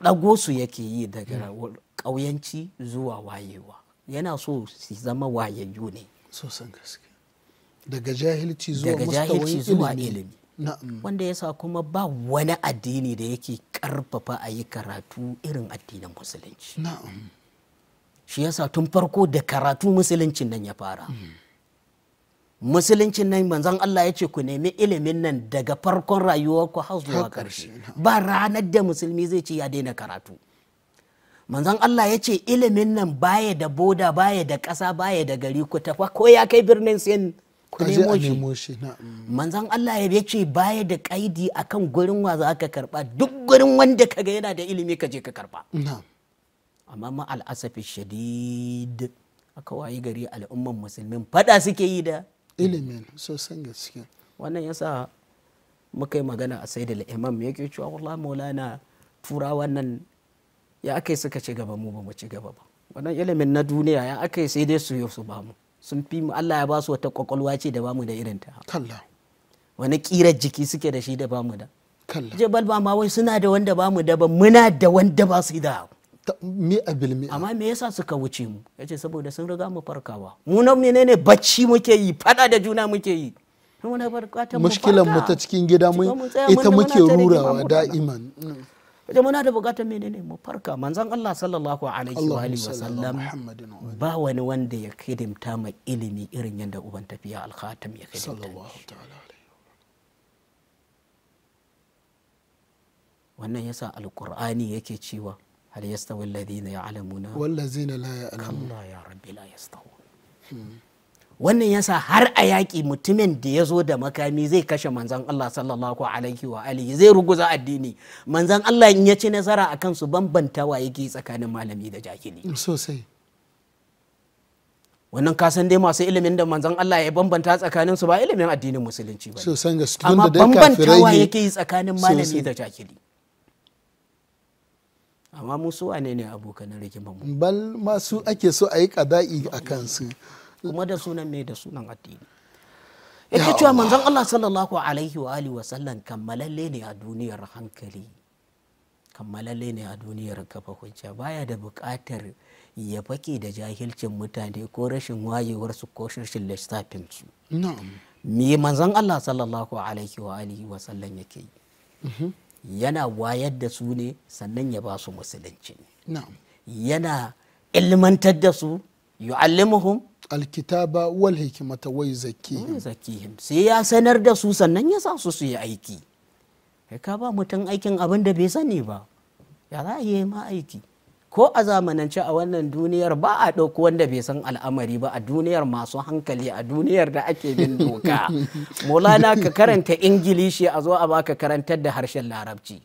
ɗago su yake yi daga hmm. ƙauyanci zuwa wayewa yana so su zama wayayyu ne daga jahilci zuwa daga ilimi wanda ya sa kuma ba wani addini da yake karfafa a yi karatu irin addinin musulunci shi ya sa tun farko da karatu musuluncin nan ya fara hmm. musuluncin nan manzon Allah ya ce ku nemi ilimin nan daga farkon rayuwarku har zuwa ƙarshe ba ranar da musulmi zai ce ya daina karatu manzon Allah ya ce ilimin nan baya da boda baya da ƙasa baya da gari ku tafa ko ya kai birnin sin ku nemo shi manzon Allah ya ce baya da kaidi akan gurin wa za ka karba duk gurin wanda ka ga yana da ilimi ka je ka karba amma ma al'asafi shadid aka wayi gari al'umman musulmin fada suke yi da ilimin sosan gaske wannan yasa muka yi magana a sai da imam yake cewa wala maulana turawa wannan ya aka suka ci gaba mu ba mu ci gaba ba wannan ilimin na duniya ya aka sai dai su su ba mu sun fi mu Allah ya ba su wata kwakwalwa ce da bamu da irin ta wani kirar jiki suke da shi da bamu da kalla jabal ba ma wai suna da wanda bamu da ba muna da wanda ba su da mi'a amma me yasa suka wuce mu yace saboda sun riga mu farkawa mu nan menene bacci muke yi fada da juna muke yi mushkilan mu ta cikin gida mu ita muke rurawa da'iman yace muna da bukatar menene mu farka manzon Allah sallallahu alaihi wa alihi wasallam ba wani wanda ya kidimta mai ilimi irin yadda uban tafiya al-khatam ya kidimta wannan yasa alqur'ani yake cewa hal yastawi alladhina ya'lamuna wallazina la ya'lamun kalla ya rabbi la wannan yasa har a yaƙi mutumin da ya zo da makami zai kashe manzan Allah sallallahu alaihi wa alihi zai ruguza addini manzan Allah in ya ci nasara a kansu bambanta wa yake tsakanin malami da jahili sosai wannan kasan dai masu ilimin da manzan Allah ya bambanta tsakanin su ba ilimin addinin musulunci ba amma bambanta wa yake tsakanin malami da jahili amma mu so wane ne abokan rigimar mu bal ma su ake so a yi kada'i a kansu kuma da sunan mai da sunan addini yake cewa manzon Allah sallallahu alaihi wa alihi wa sallam kammalalle ne a duniyar hankali kammalalle ne a duniyar kafa hujja baya da buƙatar ya fake da jahilcin mutane ko rashin su ko shirshin lissafin su me manzon Allah sallallahu alaihi wa alihi wa sallam yake yi mhm. yana wayar da su ne sannan ya ba su musulunci yana ilmantar da su yu'allimuhum alkitaba wal hikimata wai zakihim sai ya sanar da su sannan ya sa su su yi aiki ka ba mutum aikin abin da bai sani ba ya za a yi ma aiki ko a zamanance a wannan duniyar ba a ɗauko wanda bai san al'amari ba a duniyar masu hankali a duniyar da ake bin doka molana ka karanta ingilishi a zo a baka karantar da harshen larabci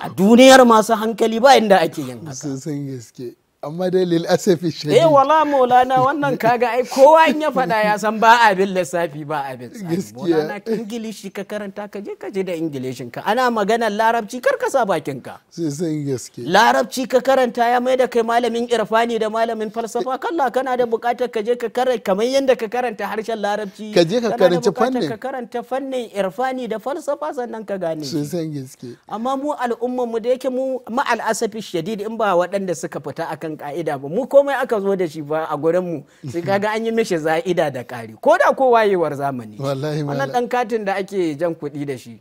a duniyar masu hankali ba inda ake yin haka amma dai lil asafi shi. eh wala maulana wannan kaga ai kowa in ya faɗa ya san ba abin lissafi ba abin maulana ingilishi ka karanta ka je ka je da english ka ana maganar larabci kar ka sa bakin ka sai gaske larabci ka karanta ya mai da kai malamin irfani da malamin falsafa kalla kana da buƙatar ka je ka karanta kamar yanda ka karanta harshen larabci ka je ka karanta fannin ka karanta fannin irfani da falsafa sannan ka gane sai gaske amma mu al'ummar mu da yake mu ma al'asafi shadid in ba waɗanda suka fita akan ka'ida ba mu komai aka zo da shi ba a gurin mu sai kaga an yi mishi za'ida da kari ko da ko wayewar zamani wannan dan katin da ake jan kuɗi da shi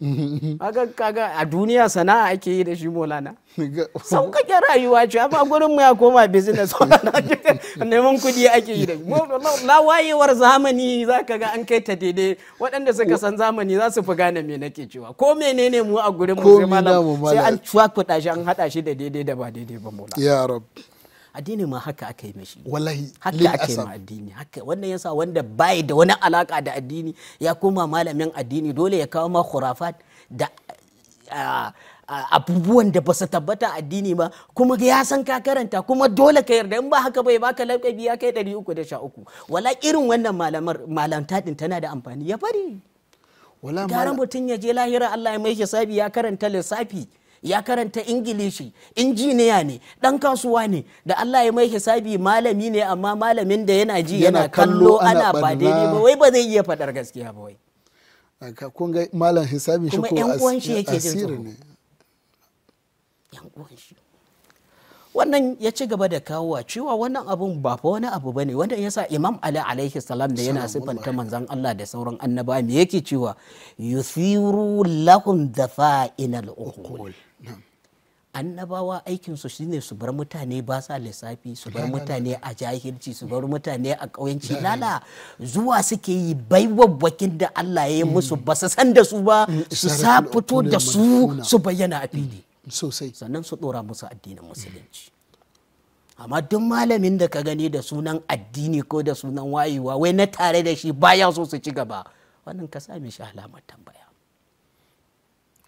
kaga a duniya sana'a ake yi da shi molana sauƙaƙe rayuwa ce amma gurin mu ya koma business neman kuɗi ake yi da la wayewar zamani za ka ga an kai ta daidai waɗanda suka san zamani za su fi gane me nake cewa ko menene mu a gurin mu sai sai an cuwa kuɗa shi an haɗa shi da daidai da ba daidai ba mola ya rab addini ma haka aka yi mashi wallahi haka aka yi ma addini haka wannan yasa wanda bai da wani alaka da addini ya koma malamin addini dole ya kawo ma khurafat da abubuwan da ba su tabbata addini ba kuma ya san ka karanta kuma dole ka yarda in ba haka bai baka lakabi ya kai 313 wala irin wannan malamar malamta din tana da amfani ya bari wala mutum ya je lahira Allah ya mai hisabi ya karanta lissafi ya karanta ingilishi injiniya ne dan kasuwa ne da Allah ya mai hisabi malami ne amma malamin da yana ji yana kallo ana ba daidai ba wai ba zai iya fadar gaskiya ba wai kun ga malam hisabi shi ko asiri ne yan uwan shi wannan ya ci gaba da kawowa cewa wannan abun ba fa wani abu bane wanda yasa imam ali alaihi salam da yana sifanta manzon Allah da sauran annaba me yake cewa yusiru lahum dafa'inal uqul annabawa aikinsu shine su bar mutane ba sa lissafi su bar mutane a jahilci su bar mutane a ƙauyenci lala zuwa suke yi baiwabbakin da Allah ya yi musu mm. ba su san da su ba mm, su sa fito da su su bayyana a fili mm, sannan su dora musu addinin musulunci amma duk malamin da ka gani da sunan addini ko da sunan wayewa wai na tare da shi baya so su ci gaba wannan ka sa shi alamar tambaya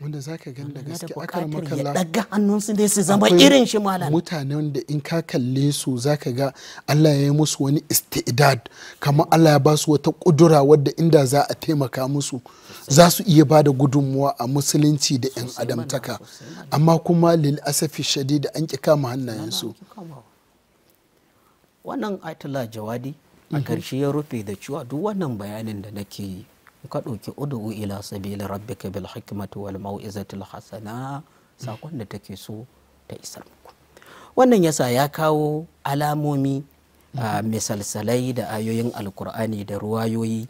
wanda za ka gan da gaske akar makalla daga hannunsu dai su zama shi malam mutanen da in ka kalle su za ka ga Allah ya yi musu wani istidad kamar Allah ya ba su wata kudura wadda inda za a taimaka musu za su iya ba da gudunmuwa a musulunci da yan adamtaka amma kuma lil asafi shadi da an ki kama hannayensu wannan atala jawadi a karshe mhm. ya rufe da cewa duk wannan bayanin da nake yi ka ɗauki udu ila sabila rabbika bil hikmati wal mau'izatil hasana sakon da take so ta isar muku wannan yasa ya kawo alamomi a misalsalai da ayoyin alkur'ani da ruwayoyi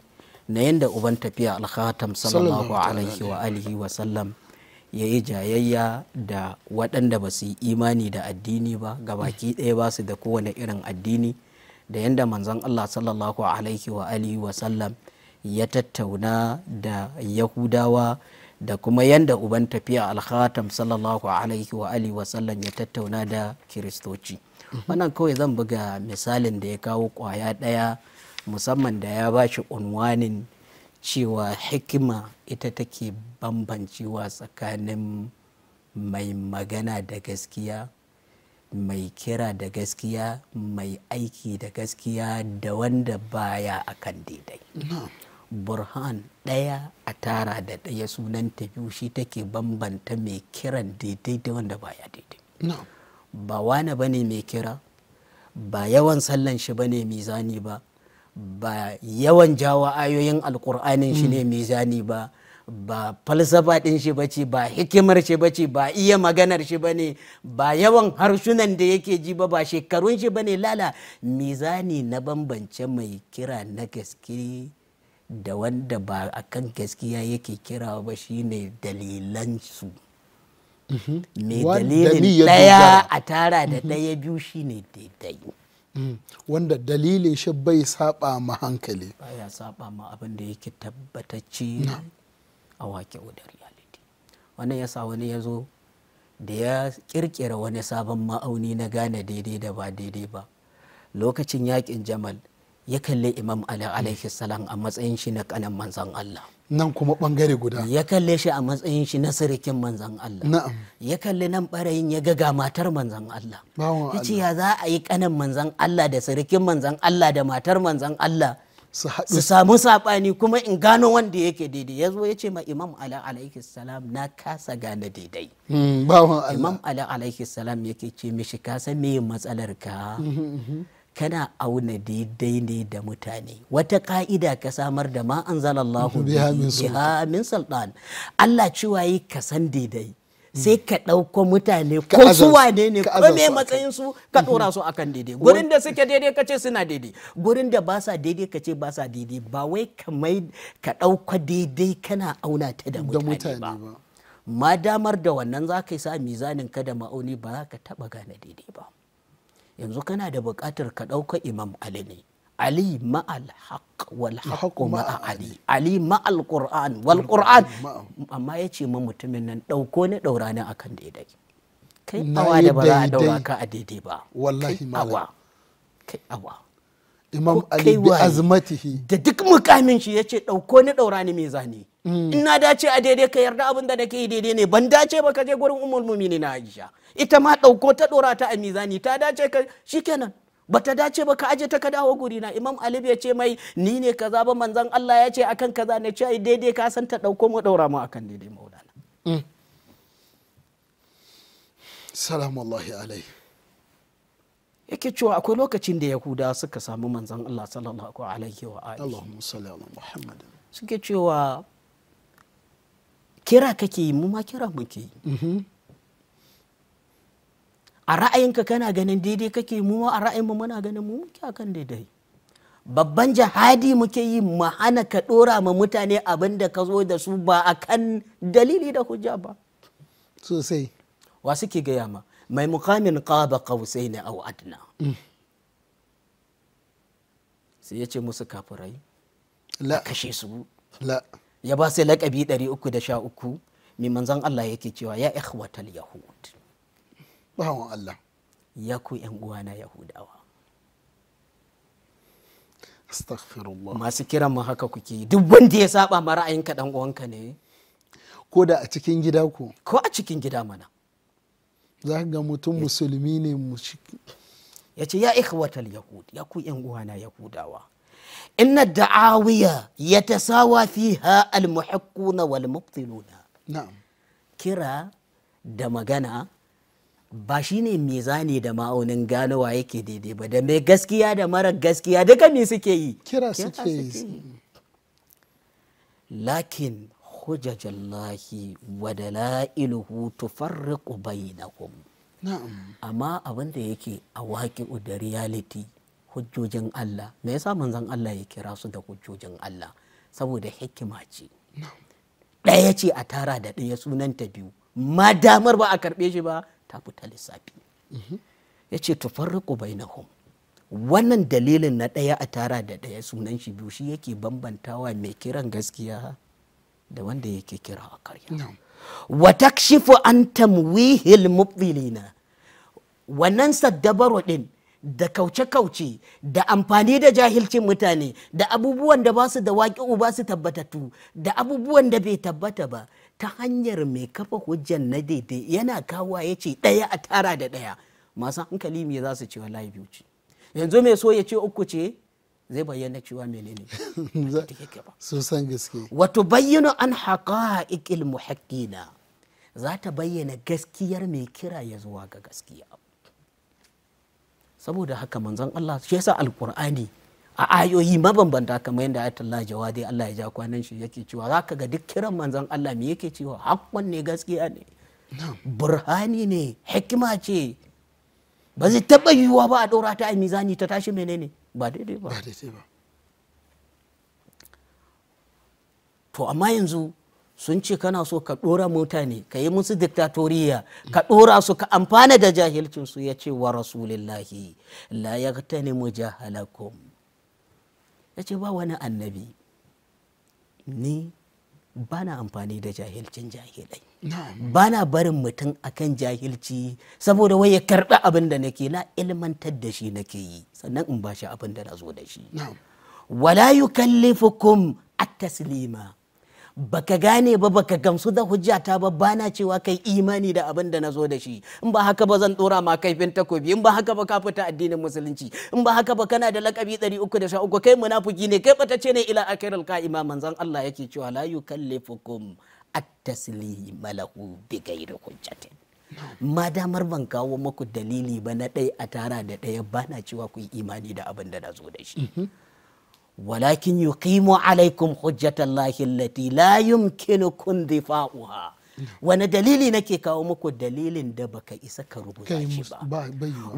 na yadda uban tafiya alkhatam sallallahu alaihi wa alihi wa sallam ya yi jayayya da waɗanda ba su yi imani da addini ba gabaki ɗaya ba su da kowane irin addini da yadda manzon allah sallallahu alaihi wa alihi wa sallam ya tattauna da yahudawa da kuma yadda uban tafiya alkhatam sallallahu alaihi wa alihi sallam ya tattauna da kiristoci wannan kawai zan buga misalin da ya kawo kwaya ɗaya musamman da ya ba shi unwanin cewa hikima ita take bambancewa tsakanin mai magana da gaskiya mai kira da gaskiya mai aiki da gaskiya da wanda baya akan daidai no. burhan ɗaya a tara da ɗaya sunan ta biyu shi take bambanta mai kiran daidai da wanda ba ya daidai ba wane ba ne mai kira ba yawan sallan shi ba ne mizani ba ba yawan jawo ayoyin alkur'anin shi ne mm. mizani ba ba falsafa ɗin shi ba ce? ba hikimar shi ba ce? ba iya maganar shi bane ba yawan harsunan da yake ji ba ba shekarun shi bane lala mizani na bambance mai kira na gaske da wanda ba a kan gaskiya yake kira ba shine dalilansu mhm. me dalilin daya a tara da daya mhm. biyu shine daidai mhm. wanda dalilin shi bai saba ma hankali ya saba ma abin da yake tabbatacce a wake da reality wannan sa wani ya zo da ya kirkira wani sabon ma'auni na gane daidai da ba daidai ba lokacin yakin jamal ya kalle imam ali alaihi salam a matsayin shi na kanan manzan Allah nan kuma bangare guda ya kalle shi a matsayin shi na sirikin manzan Allah na'am ya kalle nan barayin ya ga matar manzan Allah yace ya za a yi kanan manzan Allah da sirikin manzan Allah da matar manzan Allah su samu sabani kuma in gano wanda yake daidai ya zo ya ce ma imam ali alaihi salam na kasa gane daidai hmm, imam ali alaihi salam yake ce mishi ka san me matsalar ka hmm, hmm, kana auna daidai ne da mutane wata ka'ida ka samar da ma anzalallahu biha min sultan Allah cewa yi ka san daidai hmm. sai ka ɗauko mutane ko su wane ne ko me matsayin su ka ɗora su akan daidai hmm. gurin da suke daidai ka ce suna daidai gurin da ba sa daidai ka ce ba sa daidai ba wai ka mai ka ɗauko daidai kana auna ta da mutane ba ma damar da wannan za ka yi sa mizanin ka da ma'auni ba za ka taɓa gane daidai ba yanzu kana da buƙatar ka ɗauka imam ali ne ali ma'al haƙ wal haq ma'a ali ali ma'al qur'an wal qur'an amma ya ce ma mutumin nan ɗauko ne ɗaura ne akan daidai kai awa da ba za a ɗaura ka a daidai ba wallahi awa kai awa imam ali bi azmatihi da duk mukamin shi yace ɗauko ni ɗaura ni mai zane mm. Ina dace a daidai ka yarda abin da nake yi daidai ne ban dace ba ka je gurin ummul mumini na Aisha ita ma ɗauko ta ɗora ta a mizani ta dace ka shikenan ta dace ba ka aje ta ka dawo guri na imam ali ya ce mai ni ne kaza ba manzan Allah ya ce akan kaza na ce ai daidai ka san ta dauko mu daura mu akan daidai maulana mm. salamu allahi alai yake cewa akwai lokacin da yahuda suka samu manzan Allah sallallahu alaihi wa alihi Allahumma salli ala Muhammad suke cewa kira kake yi mu ma kira muke yi mm-hmm. a ra'ayinka kana ganin daidai kake mu a ra'ayin mu muna ganin mu muke akan daidai babban jihadi muke yi mu hana ka dora ma mutane abin da ka zo da su ba akan dalili da hujja ba sosai wa suke gaya ma mai mukamin qaba qausai ne au adna mm. sai ya ce musu kafirai la kashe su la ya ba sai laƙabi 313 mai manzon Allah yake cewa ya ikhwatal yahud bawan Allah ya ku yan uwana yahudawa astaghfirullah masu kiran mu haka kuke duk wanda ya saba ma ra'ayinka dan uwanka ne ko da a cikin gida ku ko a cikin gida mana za ga mutum musulmi ne ya ce ya ikhwatal yahud ya ku yan uwana yahudawa inna da'awiya ya tasawa fiha almuhiqquna wal mubtiluna na'am kira da magana ba shi ne mizani da ma'aunin ganowa yake daidai ba da mai gaskiya da mara gaskiya duka me suke yi kira suke yi lakin hujjajallahi wa dala'iluhu tufarriqu na na'am amma abin da yake a waƙi da reality hujjojin Allah me yasa manzon Allah ya kira su da hujjojin Allah saboda hikima ce ɗaya ce a tara da ɗaya sunanta biyu ma damar ba a karɓe shi ba ta fita lissafi mhm. ya ce tufarriqu bainahum wannan dalilin na ɗaya a tara da ɗaya sunan shi biyu shi yake bambantawa mai kiran gaskiya da wanda yake kira a karya wa takshifu an tamwihil mubtilina wannan saddabaro din da kauce-kauce da amfani da jahilcin mutane da abubuwan da ba su da waƙi'u ba su tabbatattu da abubuwan da bai tabbata ba ta hanyar mai kafa hujjan na daidai yana kawo ya ce ɗaya a tara da ɗaya masu hankali me za su ce wallahi biyu ce yanzu mai so ya ce uku ce zai bayyana cewa menene sosan wato bayyana an haƙa haqa'iqil ikil za ta bayyana gaskiyar mai kira ya zuwa ga gaskiya saboda haka manzon Allah shi yasa alkur'ani a ayoyi mabambanta kamar yadda ayatollah jawadi Allah ya ja kwanan shi yake cewa zaka ga duk kiran manzon Allah me yake cewa hakkon ne gaskiya ne burhani ne hikima ce ba zai taɓa yiwuwa ba a ɗora ta a mizani ta tashi menene ba daidai ba to amma yanzu sun ce kana so ka ɗora mutane ka yi musu diktatoriya ka ɗora su ka amfana da jahilcin su ya ce wa rasulillahi la ya mu jahalakum ya ce ba wani annabi ni bana amfani da jahilcin jahilai Bana barin mutum akan jahilci saboda wai ya karɓi abin da nake na ilmantar da shi nake yi sannan in ba shi abin da na zo da shi wala yukallifukum at-taslima baka gane ba baka gamsu da hujjata ba bana cewa kai imani da abin da na zo da shi in ba haka ba zan dora ma kaifin takobi in ba haka ba ka fita addinin musulunci in ba haka ba kana da lakabi 313 kai munafiki ne kai ce ne ila akhiral qa'ima manzon Allah yake cewa la yukallifukum at-taslima lahu hujjatin ma damar ban kawo muku dalili ba na ɗaya a tara da daya bana cewa ku imani da abin da na zo da shi mhm. walakin yuqimu alaikum hujjatallahi allati la yumkinukum difa'uha wani dalili nake kawo muku dalilin da baka isa ka rubuta shi ba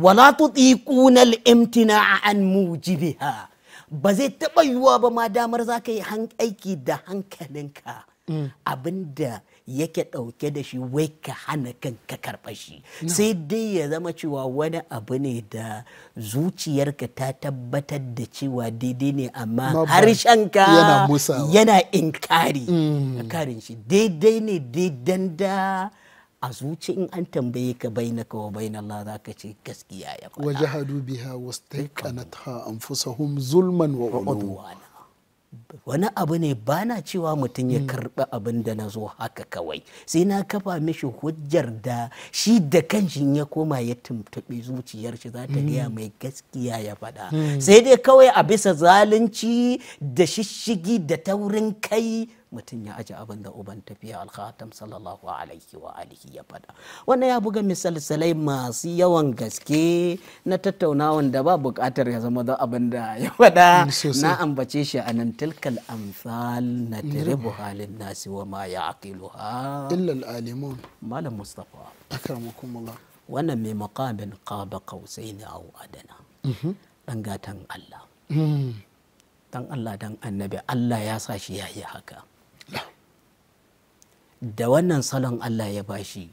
wala tutiquna al-imtina'a an mujibiha ba zai taɓa yiwuwa ba ma damar za ka yi aiki da hankalinka abinda yake ɗauke da shi wai ka hana kanka karba shi sai dai ya zama cewa wani abu ne da zuciyarka ta tabbatar da cewa daidai ne amma harshenka yana inkari mm. karin shi daidai ne daidan da a zuci in an tambaye ka baina ka baina Allah za ka ce gaskiya ya faɗa wajahadu biha wastaqanatha anfusahum zulman wa wani abu ne ba na cewa mutum ya hmm. karɓi abin da na zo haka kawai sai na kafa mishi hujjar da shi da kanshi ya koma ya tuntuɓe zuciyar shi za ta hmm. gaya mai gaskiya ya faɗa hmm. sai dai kawai a bisa zalunci da shishigi da taurin kai mutum ya aji abin da uban tafiya alkhatam sallallahu alaihi wa alihi ya faɗa wannan ya buga misalsalai masu yawan gaske na tattaunawan da ba buƙatar ya zama da abin da ya faɗa na ambace shi a nan tilka tilkal amsal na taribu halin nasi wa ma ya aqilu ha illal alimun malam mustafa wannan mai makamin qaba qausaini aw adana dan gatan Allah dan Allah dan annabi Allah ya sa shi yayi haka da wannan salon Allah ya bashi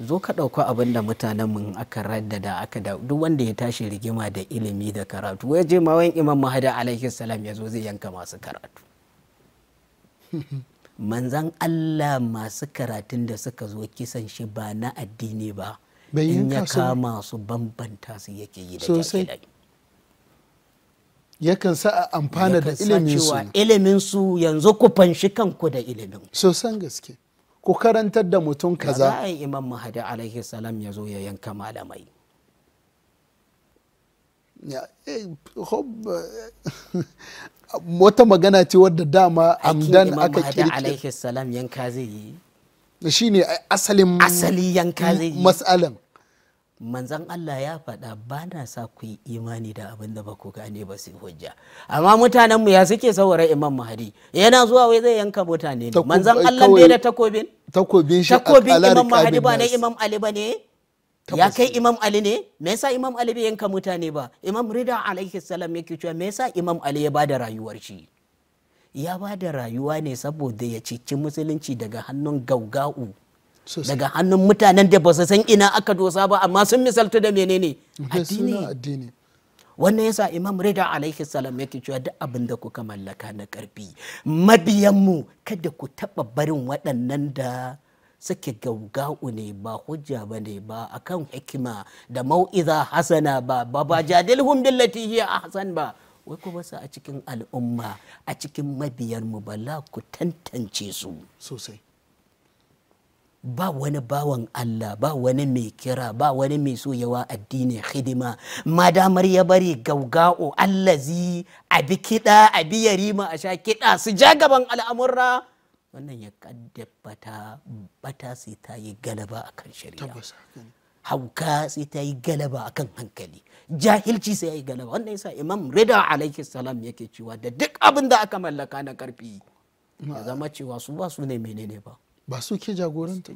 zo ka ɗauka abin da mutanen mun aka raddada aka da duk wanda ya tashi rigima da ilimi da karatu ya je mawayin imam mahada alaihi salam ya zo zai yanka masu karatu manzan allah masu karatun da suka zo kisan shi ba na addini ba in ya kama su bambanta su yake yi da jahilai yakan sa a amfana da ilimin su ilimin su yanzu ku fanshi kanku da ilimin sosan gaske ku karantar da mutum kaza za a yi imam mahadi alaihi salam ya zo ya yanka malamai eh, eh, wata magana ce wadda dama amdan aka kirkira alaihi salam yanka zai yi shi ne eh, asalin asali yanka zai yi mas'alan manzan Allah ya faɗa ba na sa ku yi imani da abin da ba ku gane ba sai hujja amma mutanenmu ya suke saura imam mahadi yana zuwa wai zai yanka mutane ne manzan Allah ne da takobin takobin shi takobin imam mahadi ba na imam ali ba ne ya kai imam ali ne me yasa imam ali bai yanka mutane ba imam rida alaihi salam yake cewa me yasa imam ali ya bada rayuwar shi ya bada rayuwa ne saboda ya cici musulunci daga hannun gauga'u daga hannun mutanen da ba su san ina aka dosa ba amma sun misaltu da menene addini wannan yasa imam rida alaihi salam yake cewa duk abin da kuka mallaka na karfi mu kada ku taba barin waɗannan da suke gauga'u ne ba hujja ba ne ba akan hikima da mau'iza hasana ba ba ba jadilhum billati hiya ahsan ba wai ku basa a cikin al'umma a cikin mabiyan mu bala ku tantance su sosai ba wani bawan Allah ba wani mai kira ba wani mai soyawa addini, hidima madamar ya bari gauga'o a abi kiɗa bi yarima a sha kiɗa su ja gaban al'amurra wannan ya kaddabata bata sai ta yi galaba akan shari'a hauka sai ta yi galaba akan hankali jahilci sai ya yi galaba wannan yasa imam rida alaihi salam yake cewa da duk abin da aka mallaka na karfi ya zama cewa su ba su ne menene ba ba su ke jagoranta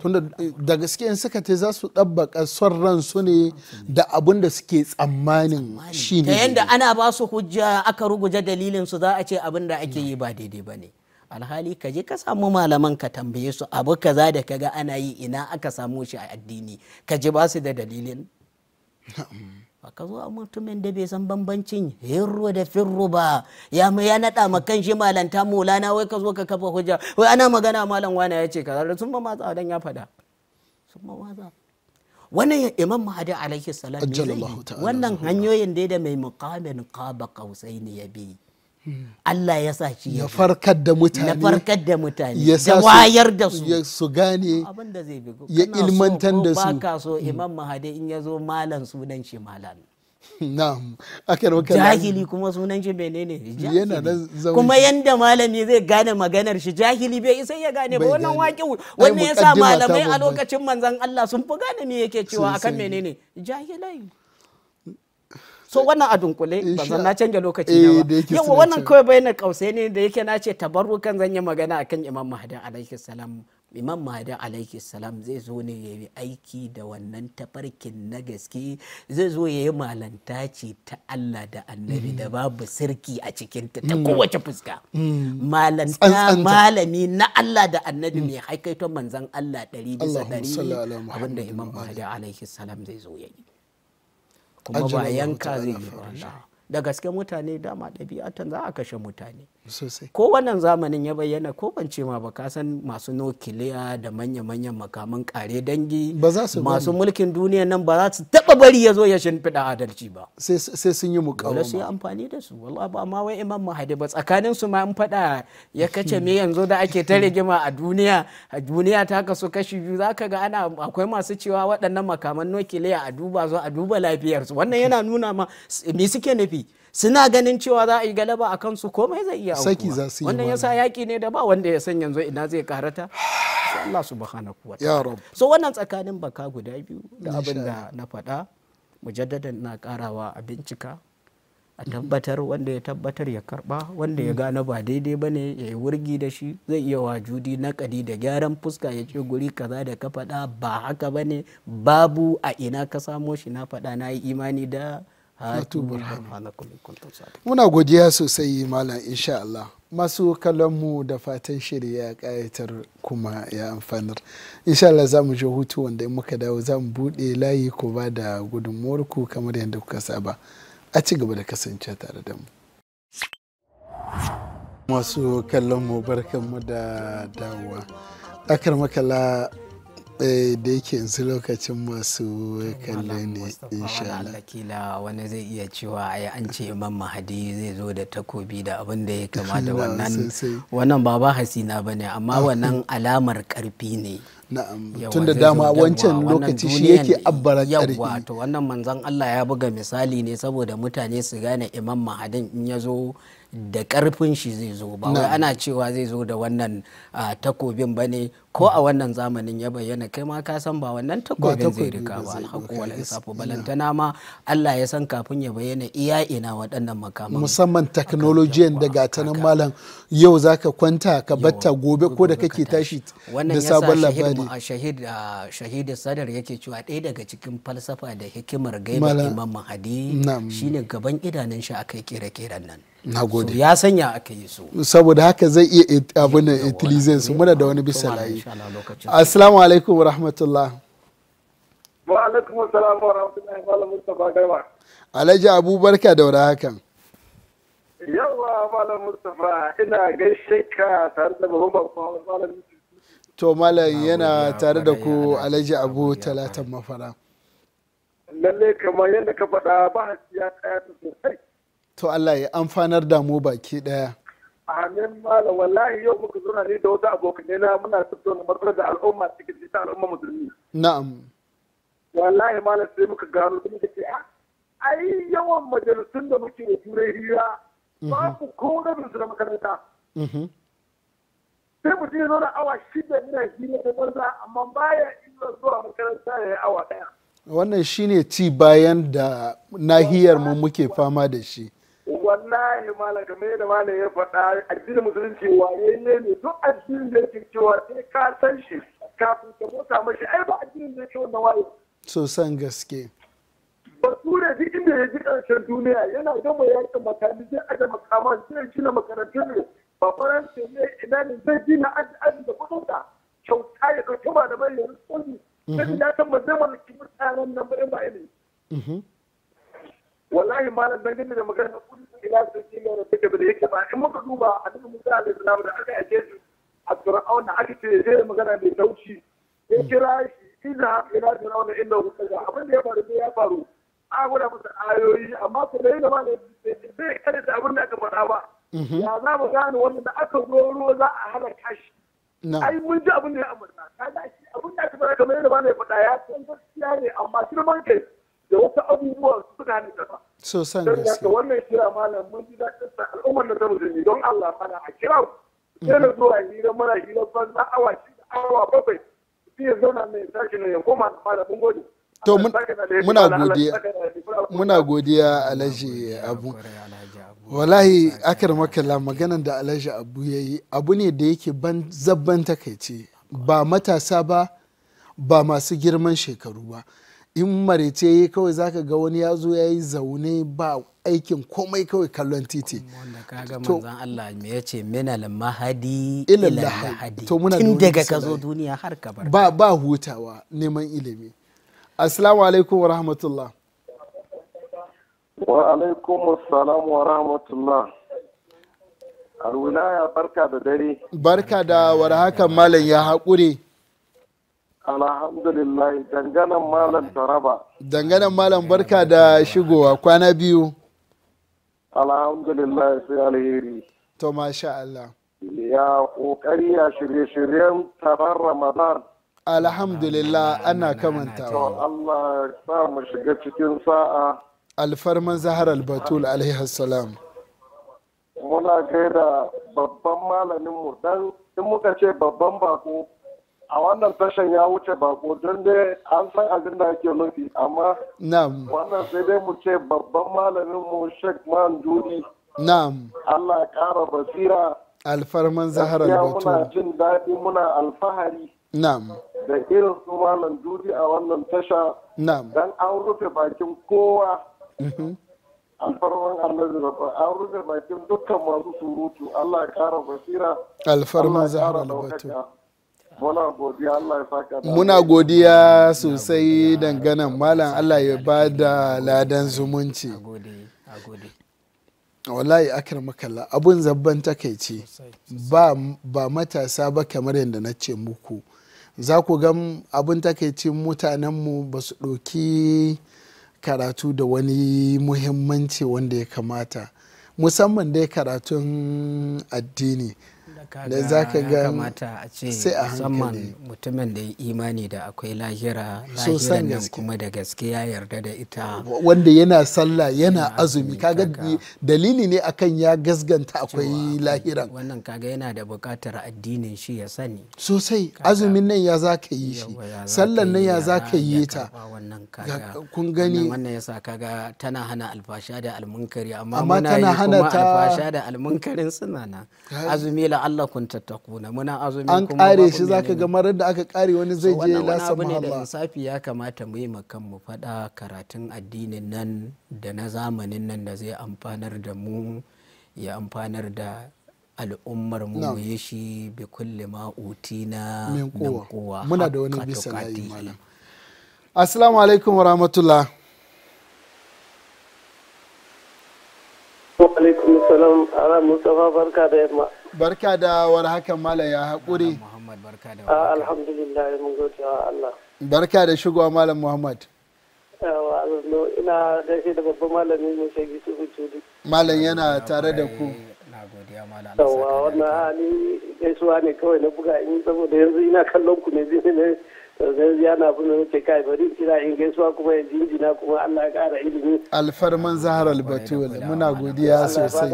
tunda eh, da gaske in suka te za su ɗabbaka son ransu ne da abin da suke tsammanin shi ne yadda ana ba su hujja aka ruguja dalilin su za a ce abin da ake yi ba daidai ba ne alhali ka je ka samu malaman ka tambaye su abu kaza da kaga ana yi ina aka samu shi a addini ka je ba su da dalilin ka zo a mutumin da bai san bambancin hirro da firro ba ya ya nada ma kan shi malanta mulana wai ka zo ka kafa hujja wai ana magana malam wani ya ce kaza sun ma matsa dan ya fada sun ma matsa wannan imam mahadi alaihi salam wannan hanyoyin da mai muqamin qaba qausaini ya bi Allah ya sa shi ya farkar da mutane ya farkar da mutane ya wayar da su ya su gane abin da zai bigo ya ilmantar da su baka so hmm. imam mahade in ya zo malam sunan shi malam na'am akan wakan jahili kuma sunan shi menene yana da zauni kuma yanda malami zai gane maganar shi jahili bai isa ya gane ba wannan waƙi wannan yasa malamai a lokacin manzon Allah sun fi gane me yake cewa akan menene jahilai so eh, wannan a dunkule eh, bazan na canja lokaci eh, na ba yawa wannan kawai na kausai ne da yake na ce tabarukan zan yi magana akan imam mahadin alaihi salam imam mahadin alaihi salam zai zo ne ya yi aiki da wannan tafarkin na gaske zai zo ya yi malanta ce ta Allah da annabi da mm. babu sirki a cikin ta ta mm. kowace fuska mm. malanta malami na Allah da annabi mai haikaito manzan Allah ɗari bisa ɗari abinda imam mahadin alaihi salam zai zo ya yi kuma ba yanka zai yi da gaske mutane dama ɗabi'atan za a kashe mutane sosai ko wannan zamanin ya bayyana ko ban ce ma ba ka san masu nukiliya da manya-manyan makaman kare dangi masu mulkin duniya nan ba za su taba bari ya zo ya shimfiɗa adalci ba sai sun yi su yi amfani da su wala ba ma wai imam mahadi ba tsakanin su ma in faɗa ya kace me yanzu da ake ta rigima a duniya a duniya ta kasu kashi biyu zaka ga ana akwai masu cewa waɗannan makaman nukiliya a duba zo a duba lafiyarsu wannan yana nuna ma me suke nufi suna ganin cewa za a yi galaba a kansu komai zai iya saki za su yi wannan yasa yaki ne da ba wanda ya san yanzu ina zai karata Allah subhanahu wa ta'ala so wannan tsakanin baka guda biyu da abin da na faɗa mujaddadan na karawa a bincika a tabbatar wanda ya tabbatar ya karba wanda ya gane ba daidai ba ya yi wurgi da shi zai iya wa judi kadi da gyaran fuska ya ce guri kaza da ka faɗa ba haka bane babu a ina ka samo shi na faɗa na yi imani da muna godiya sosai malam insha Allah masu mu da fatan shirya ya kayatar kuma ya amfanar insha Allah za mu hutu wanda muka dawo za mu buɗe layi ko ba da ku kamar yadda kuka saba a ci gaba da kasance tare da mu masu kallon mu barkanmu da dawowa akar makala Eh, da yake yanzu lokacin masu kalle ne insha Allah kila wani zai iya cewa ai an ce Imam mahadi zai zo da takobi da abin da ya kama da wannan wannan ba ba hasina bane amma ah. wannan alamar karfi ne na'am tun da dama wancan lokaci shi yake abbara karfi yawa to wannan manzon Allah ya buga misali ne saboda mutane su gane Imam Mahadin in ya zo da karfin shi zai zo ba wai ana cewa zai zo da wannan takobin ba ne ko a wannan zamanin ya bayyana kai ma ka san ba wannan takobin zai rika ba alhaku wal insafu balantana ma Allah ya san kafin ya bayyana iya ina waɗannan makaman musamman technology da gata nan malam yau zaka kwanta ka batta gobe ko da kake tashi da sabon labari shahid shahid sadar yake cewa ɗaya daga cikin falsafa da hikimar gaiba imam mahadi shine gaban idanun shi akai kira-kiran nan nagode ya sanya aka yi su saboda haka zai iya abin da itilizin su muna da wani bisa layi assalamu alaikum wa rahmatullah wa alaikum assalamu wa rahmatullahi wa mustafa gaiwa alhaji abubarka da wani hakan yawa malam mustafa ina gaishe ka tare da babban babban malam to malam yana tare da ku alhaji abu talatan mafara lalle kamar yadda ka faɗa ba ya tsaya sosai to Allah ya amfanar da mu baki daya amin malam wallahi yau muka zo ne da wasu abokanai na muna tattauna matsalar da al'umma cikin jita al'umma musulmi na'am wallahi malam sai muka gano kuma muka ce ah, ai yawan majalisun da muke da turai hira mhm. babu ko da su makaranta mhm. sai mu ya zauna awa shida yana hira da banza amma baya illa zuwa makaranta ya yi awa daya wannan shine ci bayan da nahiyar mu muke fama da shi wallahi malam game da malam ya faɗa addinin musulunci waye ne ne duk addinin da yake cewa sai ka san shi kafin ka mota mashi ai ba addinin da yake wannan waye so san gaske bature duk inda ya ji ƙarshen duniya yana gama yakin makami zai aje makaman zai gina makarantun ne ba faransa ne ina ne zai gina aji da kudinka kyauta ya ɗauki ba da bayyana tsohi sai ya san ba zai mallaki mutanen nan ba in ba ne. wallahi malam dangane da magana kun ila su ci ne da take da yake ba in muka duba a duk Musa da salam da aka yace shi a Fir'aun da aka ce zai magana mai tauci ya kira shi ina ila Fir'aun inda hukunta ga abin da ya faru ya faru a gura masa ayoyi amma su da ma ne sai kada da abin da aka faɗa ba mhm. ya za mu gane wanda da aka goro za a halaka shi ai mun ji abin da ya amurta da shi abin da aka faɗa kamar yadda ba ne faɗa ya san gaskiya ne amma shirman kai da wasu abubuwa suka hana ba so san gaske wannan kira malam mun ji daɗin sa al'ummar da ta musulmi don Allah fara a kira ke da zuwa hira mana hira banza awa shida awa bakwai sai ya zauna mai tashi ne ya koma malam mun gode to muna godiya muna godiya alhaji abu wallahi akar makalla maganan da alhaji abu ya yi abu ne da yake ban zabban takaice ba matasa ba ba masu girman shekaru ba in marece kawai zaka ga wani ya zo ya yi zaune ba aikin komai kawai kallon titi wanda kaga manzon Allah me yace minal mahadi ilal lahadi to tun daga ka zo duniya har ka bar ba ba hutawa neman ilimi assalamu alaikum wa rahmatullah wa alaikum assalam wa rahmatullah ya barka da dare barka da warhaka malam ya haƙure Alhamdulillah danganan malam Taraba. Danganan malam barka da shigowa kwana biyu. Alhamdulillah sai alheri. To masha Allah. Ya kokari ya shirye-shiryen taron Ramadan. Alhamdulillah ana kamantawa. To Allah sa mu shiga cikin sa'a. Alfarman Zahar Albatul alaihi salam. Muna gaida babban malamin mu dan in muka ce babban bako a wannan tashan ya wuce bako don dai an san abin da ake nufi amma wannan sai dai mu ce babban malamin mu Sheikh Man Dudi na'am Allah ya kara basira alfarman zahara da muna jin daɗi muna alfahari na'am da irin su malam Dudi a wannan tasha na'am dan an rufe bakin kowa mm-hmm. alfarman annabi an rufe bakin dukkan masu surutu Allah ya kara basira alfarman zahara da Muna godiya sosai danganan malam Allah ya ba da ladan zumunci. Wallahi akramakallah abun zabban takaici ba matasa ba kamar yadda na ce muku. Za ku ga abun takaicin mutanenmu ba su ɗauki karatu da wani muhimmanci wanda ya kamata. Musamman dai karatun addini. da za ka ga kamata a ce musamman mutumin da ya imani da akwai lahira lahiran nan kuma da gaske ya yarda da ita wanda yana sallah yana azumi kaga dalili ne akan ya gasganta akwai lahiran wannan kaga yana da bukatar addinin shi ya sani sosai azumin nan ya za ka yi shi sallan nan ya za ka yi ta kun gani wannan yasa kaga tana hana alfasha da almunkari amma muna yi kuma alfasha da almunkarin suna na azumi la Allah la'allakum tattaquna muna azumi an kare shi zaka ga marar da aka kare wani zai je la samu Allah da insafi ya kamata mu yi makan mu fada karatun addinin nan da na zamanin nan da zai amfanar da mu ya amfanar da al'ummar mu ya shi bi kulli ma utina min kowa muna da wani bisa layi malam assalamu alaikum wa rahmatullah alaikum salam ala mustafa barka da yamma barka da war haka mala ya haƙuri ah, alhamdulillah mun gode wa Allah barka da shigowa malam muhammad ina da shi da babban malami ne sai gisu hujudi malam yana tare da ku yawa wannan hali gaisuwa ne kawai na buga in saboda yanzu ina kallon ku ne ne gaskiya na abin da nake kai bari kira in gaisuwa kuma ya jinjina kuma Allah ya kara ilimi alfarman zahar albatul muna godiya sosai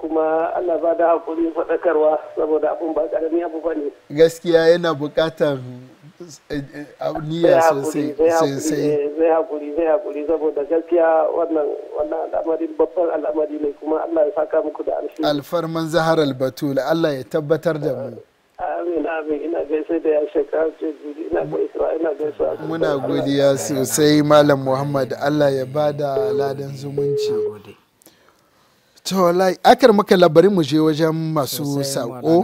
kuma Allah ba da hakuri fadakarwa saboda abun ba karami abu bane gaskiya yana buƙatar eh, eh, niyya sosai sosai eh, zai hakuri zai hakuri saboda gaskiya wannan wannan al'amari babban al'amari ne kuma Allah ya saka muku da alfarman zahar albatul Allah ya tabbatar da mu amin amin muna godiya sosai malam muhammad allah ya bada ladan zumunci to like akar maka labarin mu je wajen masu sako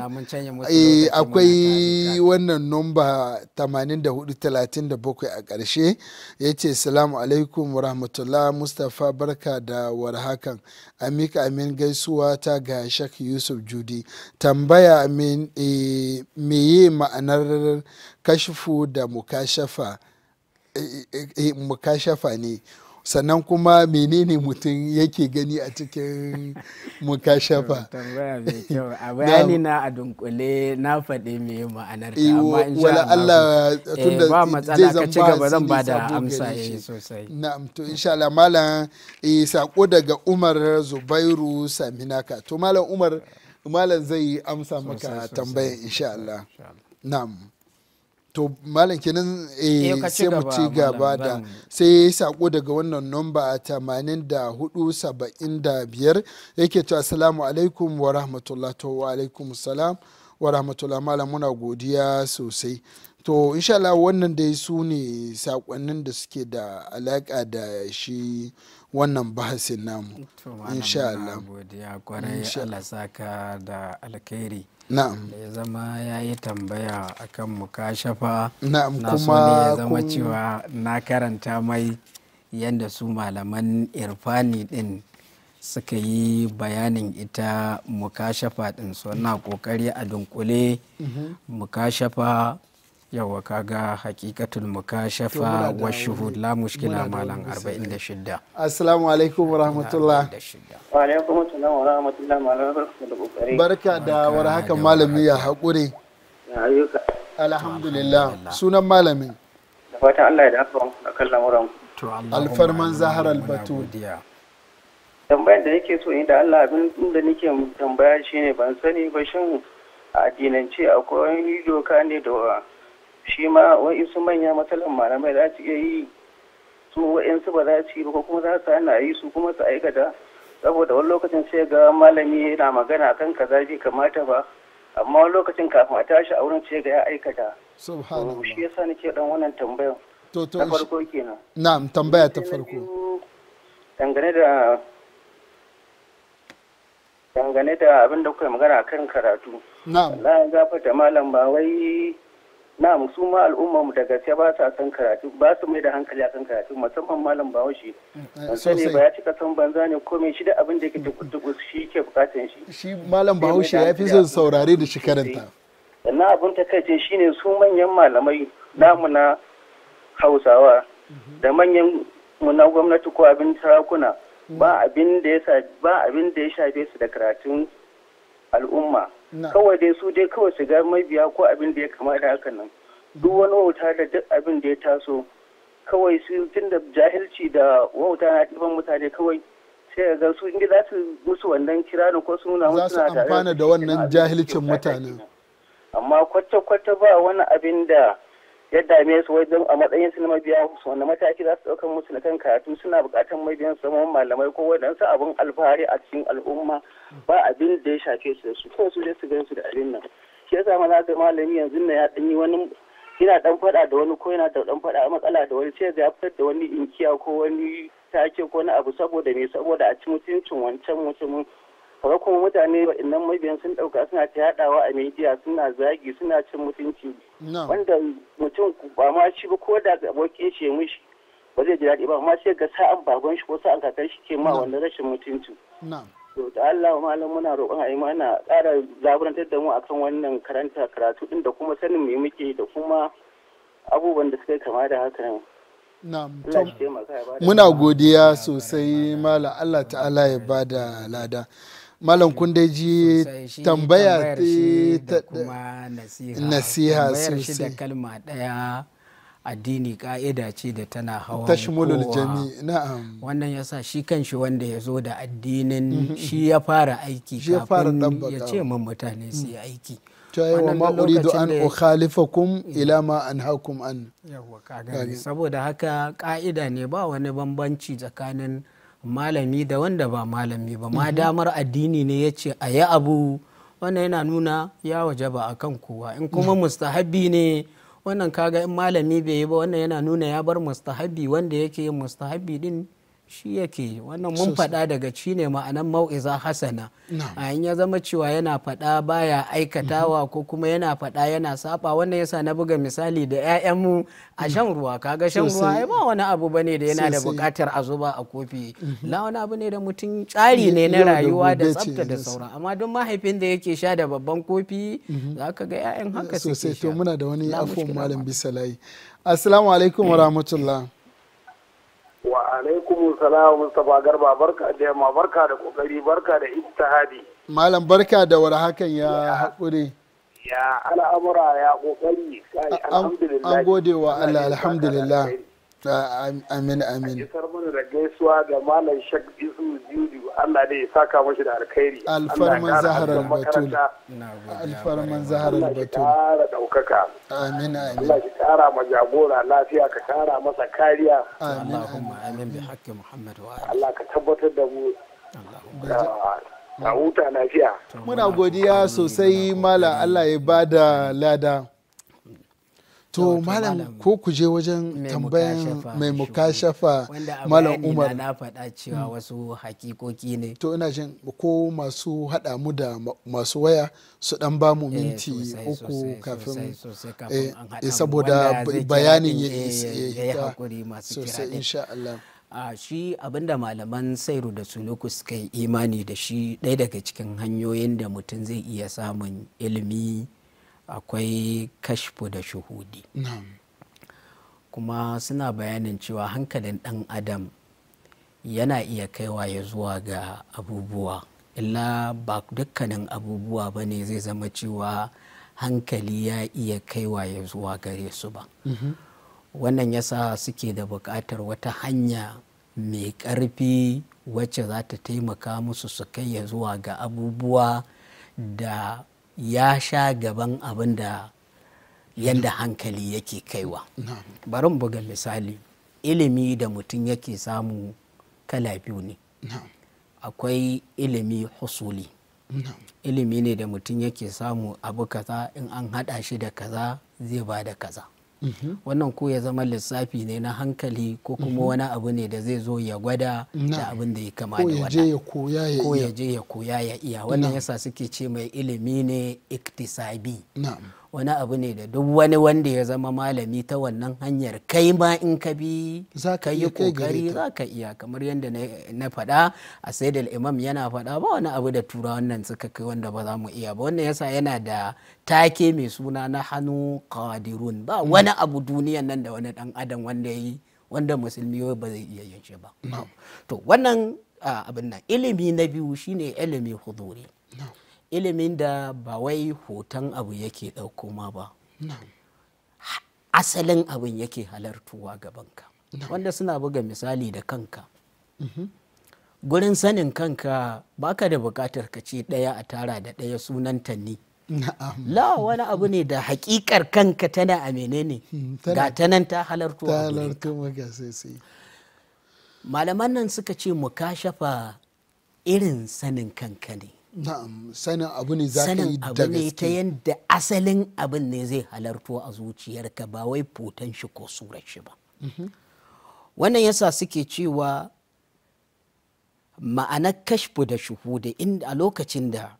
eh, akwai wannan nomba 8437 a ƙarshe ya ce salamu alaikum rahmatullah mustapha barka da warhakan amika amin gaisuwa ta ga shak yusuf judi tambaya eh, meye ma'anar kashfu da mukashafa eh, ne sannan kuma menene mutum yake gani a cikin mukashafa a bayani na a dunkule na faɗi me ma'anar ta amma in sha Allah eh, tunda ba matsala ka ci gaba zan ba da amsa eh, sosai na'am to insha Allah malam eh, sako daga Umar Zubairu Saminaka to malam Umar malam zai amsa maka tambayar insha Allah na'am to malam kenan eh, eh, sai mu ci gaba da sai sako daga wannan nomba 8475 yake to assalamu alaikum wa rahmatullah to wa alaikum salam wa rahmatullah malam muna godiya sosai to insha Allah wannan dai su ne sakonnin da suke da alaka da shi wannan bahasin namu insha Allah godiya kwarai Allah saka da alkhairi na'am ya zama ya yi tambaya akan mukashafa na'am kuma ya zama cewa na karanta mai yadda su malaman irfani din suka yi bayanin ita mukashafa din so na kokari a dunkule mm-hmm. mukashafa yawa kaga hakikatul mukashafa wa shuhud la mushkila malam 46 assalamu alaikum wa rahmatullah wa alaikum assalam wa rahmatullah malam barka da warhaka malami ya hakuri alhamdulillah sunan malamin da fatan Allah ya dafa mu da kallon wurin alfarman zahar albatul tambayar da nake so da Allah abin da nake tambaya shine ban sani ba shin a dinance akwai doka ne da shi ma wa'insu manya matsalan malamai za su iya yi su wa'insu ba za su yi ba ko kuma za su hana yi su kuma su aikata saboda wani lokacin sai ga malami yana magana kan kaza bai kamata ba amma wani lokacin kafin a tashi a wurin sai ga ya aikata subhanallah shi yasa nake dan wannan tambayar to to farko kenan na'am tambaya ta farko dangane da dangane da abin da kuka magana kan karatu na'am Allah ya gafarta malam ba wai na su ma al'umma mu daga ba sa san karatu ba su mai da hankali akan karatu musamman malam bahaushe eh, eh, sai ba ya cika san banza ne ko mai shi da abin da yake tukutuku shi ke bukatan shi shi malam bahaushe ya fi son saurare da shi karanta eh, na abin ta kai shine su manyan malamai namu na hausawa da manyan mu na gwamnati ko abin sarakuna ba mm. abin da ya shafe su da karatun al'umma kawai dai su dai kawai su ga mabiya ko abin da ya kamata haka nan duk wani wauta da duk abin da ya taso kawai su tun da jahilci da wauta na ɗiban mutane kawai sai ga su inda za su musu wannan kiranin ko suna musu na da wannan jahilcin mutane amma kwata-kwata ba wani abin da yadda me su wai don a matsayin su na mabiya su wanda mataki za su ɗaukar musu na kan karatu suna buƙatar mabiyan su zama malamai ko waɗansu abin alfahari a cikin al'umma ba abin da ya shafe su da su ko su dai su gan su da abin nan shi yasa maza da malami yanzu na ya ɗanyi wani yana ɗan faɗa da wani ko yana da ɗan faɗa matsala da wani sai ya fitar da wani inkiya ko wani take ko wani abu saboda me saboda a ci mutuncin wancan mutumin kuma mutane waɗannan mabiyan sun ɗauka suna ta yaɗawa a media suna zagi suna cin mutunci wanda mutum ba ma shi ba ko da abokin shi mishi ba zai ji daɗi ba amma sai ga sa'an baban shi ko sa'an kakar shi ke ma wanda rashin mutunci to da Allah malam muna roƙon a yi mana ƙara zaburantar da mu akan wannan karanta karatu din da kuma sanin me muke da kuma abubuwan da suka kama da haka nan muna godiya sosai malam Allah ta'ala ya bada lada malam kun dai ji tambaya ta kuma nasiha sosai da kalma daya addini ka'ida ce da tana hawa shimulul jami na'am wannan yasa shi kanshi wanda ya zo da addinin mm-hmm, mm-hmm. shi ya fara aiki kafin ya ce mun mutane su yi mm. aiki wa ma uridu an ukhalifakum ila ma anhaakum an yawa kaga saboda haka ka'ida ne ba wani bambanci tsakanin malami da wanda ba malami ba ma mhm. damar addini ne ya ce a yi abu wannan yana nuna ya waje ba a kan kowa in kuma mhm. mustahabi ne wannan kaga in malami bai yi ba wannan yana nuna ya bar mustahabi wanda yake yin mustahabi din shi yake wannan mun faɗa daga ci ne ma'anan mau'iza hasana a ya zama cewa yana faɗa baya aikatawa mhm. ko kuma yana faɗa yana saba wannan yasa na buga misali da 'ya'yanmu a shan mhm. ruwa kaga shan ruwa ba wani abu ba ne da yana da buƙatar a zuba a kofi mhm. la wani abu ne da mutum tsari ne na rayuwa da tsafta da sauran amma duk mahaifin da yake sha da babban kofi za ka ga 'ya'yan haka suke sha sosai to muna da wani malam assalamu alaikum eh. wa rahmatullah wa alaikum salam mustapha garba barka da yamma barka da kokari barka da ijtihadi malam barka da wani hakan ya haƙuri ya al'amura ya kokari alhamdulillah an gode wa Allah alhamdulillah Amin amin. A isar mana da gaisuwa ga Malam shak Isu Juju Allah ne ya saka mashi da alkhairi. Alfarman zaharar batul. Alfarman zaharar batul. Allah ya kara daukaka Amin amin. Allah ya kara ma jagora lafiya ka kara masa kariya. Amin Allahumma amin bi haƙƙi Muhammad wa Allah ka tabbatar da mu. Allahumma. huta lafiya. Muna godiya sosai Malam Allah ya bada lada. to malam ko ku je wajen tambayan mai mukashafa malam umar na faɗa cewa hmm. wasu hakikoki ne to ina jin ko masu haɗa mu da masu waya su dan ba mu eh, minti uku kafin eh, eh, saboda bayanin ya yi sosai insha Allah a ah, shi abinda malaman sairu da suluku suka yi imani da shi ɗaya daga cikin hanyoyin da mutum zai iya samun ilimi akwai kashfu da shuhudi kuma suna bayanin cewa hankalin ɗan adam yana iya kaiwa ya zuwa ga abubuwa illa ba dukkanin abubuwa ba ne zai zama cewa hankali ya iya kaiwa ya zuwa gare su ba mm-hmm. wannan ya sa suke da buƙatar wata hanya mai ƙarfi wacce za ta taimaka musu su kai ya zuwa ga abubuwa da ya sha gaban abin da yadda hankali yake kaiwa bari mu buga misali ilimi da mutum yake samu kala biyu ne akwai ilimi husuli ilimi ne da mutum yake samu abu kaza in an hada shi da kaza zai ba da kaza wannan ko ya zama lissafi ne na hankali ko kuma wani abu ne da zai zo ya gwada da abin da ya kama da wannan ko ya je ya koya ya iya wannan yasa suke ce mai ilimi ne iktisabi na'am wani abu ne da duk wani wanda ya zama malami ta wannan hanyar kai ma in ka bi ka yi kokari za ka iya kamar yadda na faɗa a saidal imam yana faɗa ba wani abu da tura wannan suka kai wanda ba za mu iya ba wannan yasa yana da take mai suna na hannu qadirun ba mm. wani abu duniyan nan da wani dan adam wanda yi wanda musulmi ba zai iya yin shi ba mm. to wannan abin nan ilimi na biyu shine ilimi huzuri. ilimin da ba wai hoton abu yake ɗauko ma ba asalin abin yake halartuwa gabanka wanda suna buga misali da kanka mm-hmm. gurin sanin kanka baka da bukatar ka ce ɗaya a tara da ɗaya sunan tanni la wani abu ne da hakikar kanka tana a menene hmm, ga ta ta halartuwa malaman nan suka ce mu kashafa irin sanin kanka ne na'am sanin abu ne za ka yi da gaske ta yadda asalin abin ne zai halarto a zuciyarka ba wai foton shi ko surar shi ba mhm. wannan yasa suke cewa ma'anar kashfu da shuhuda inda a lokacin da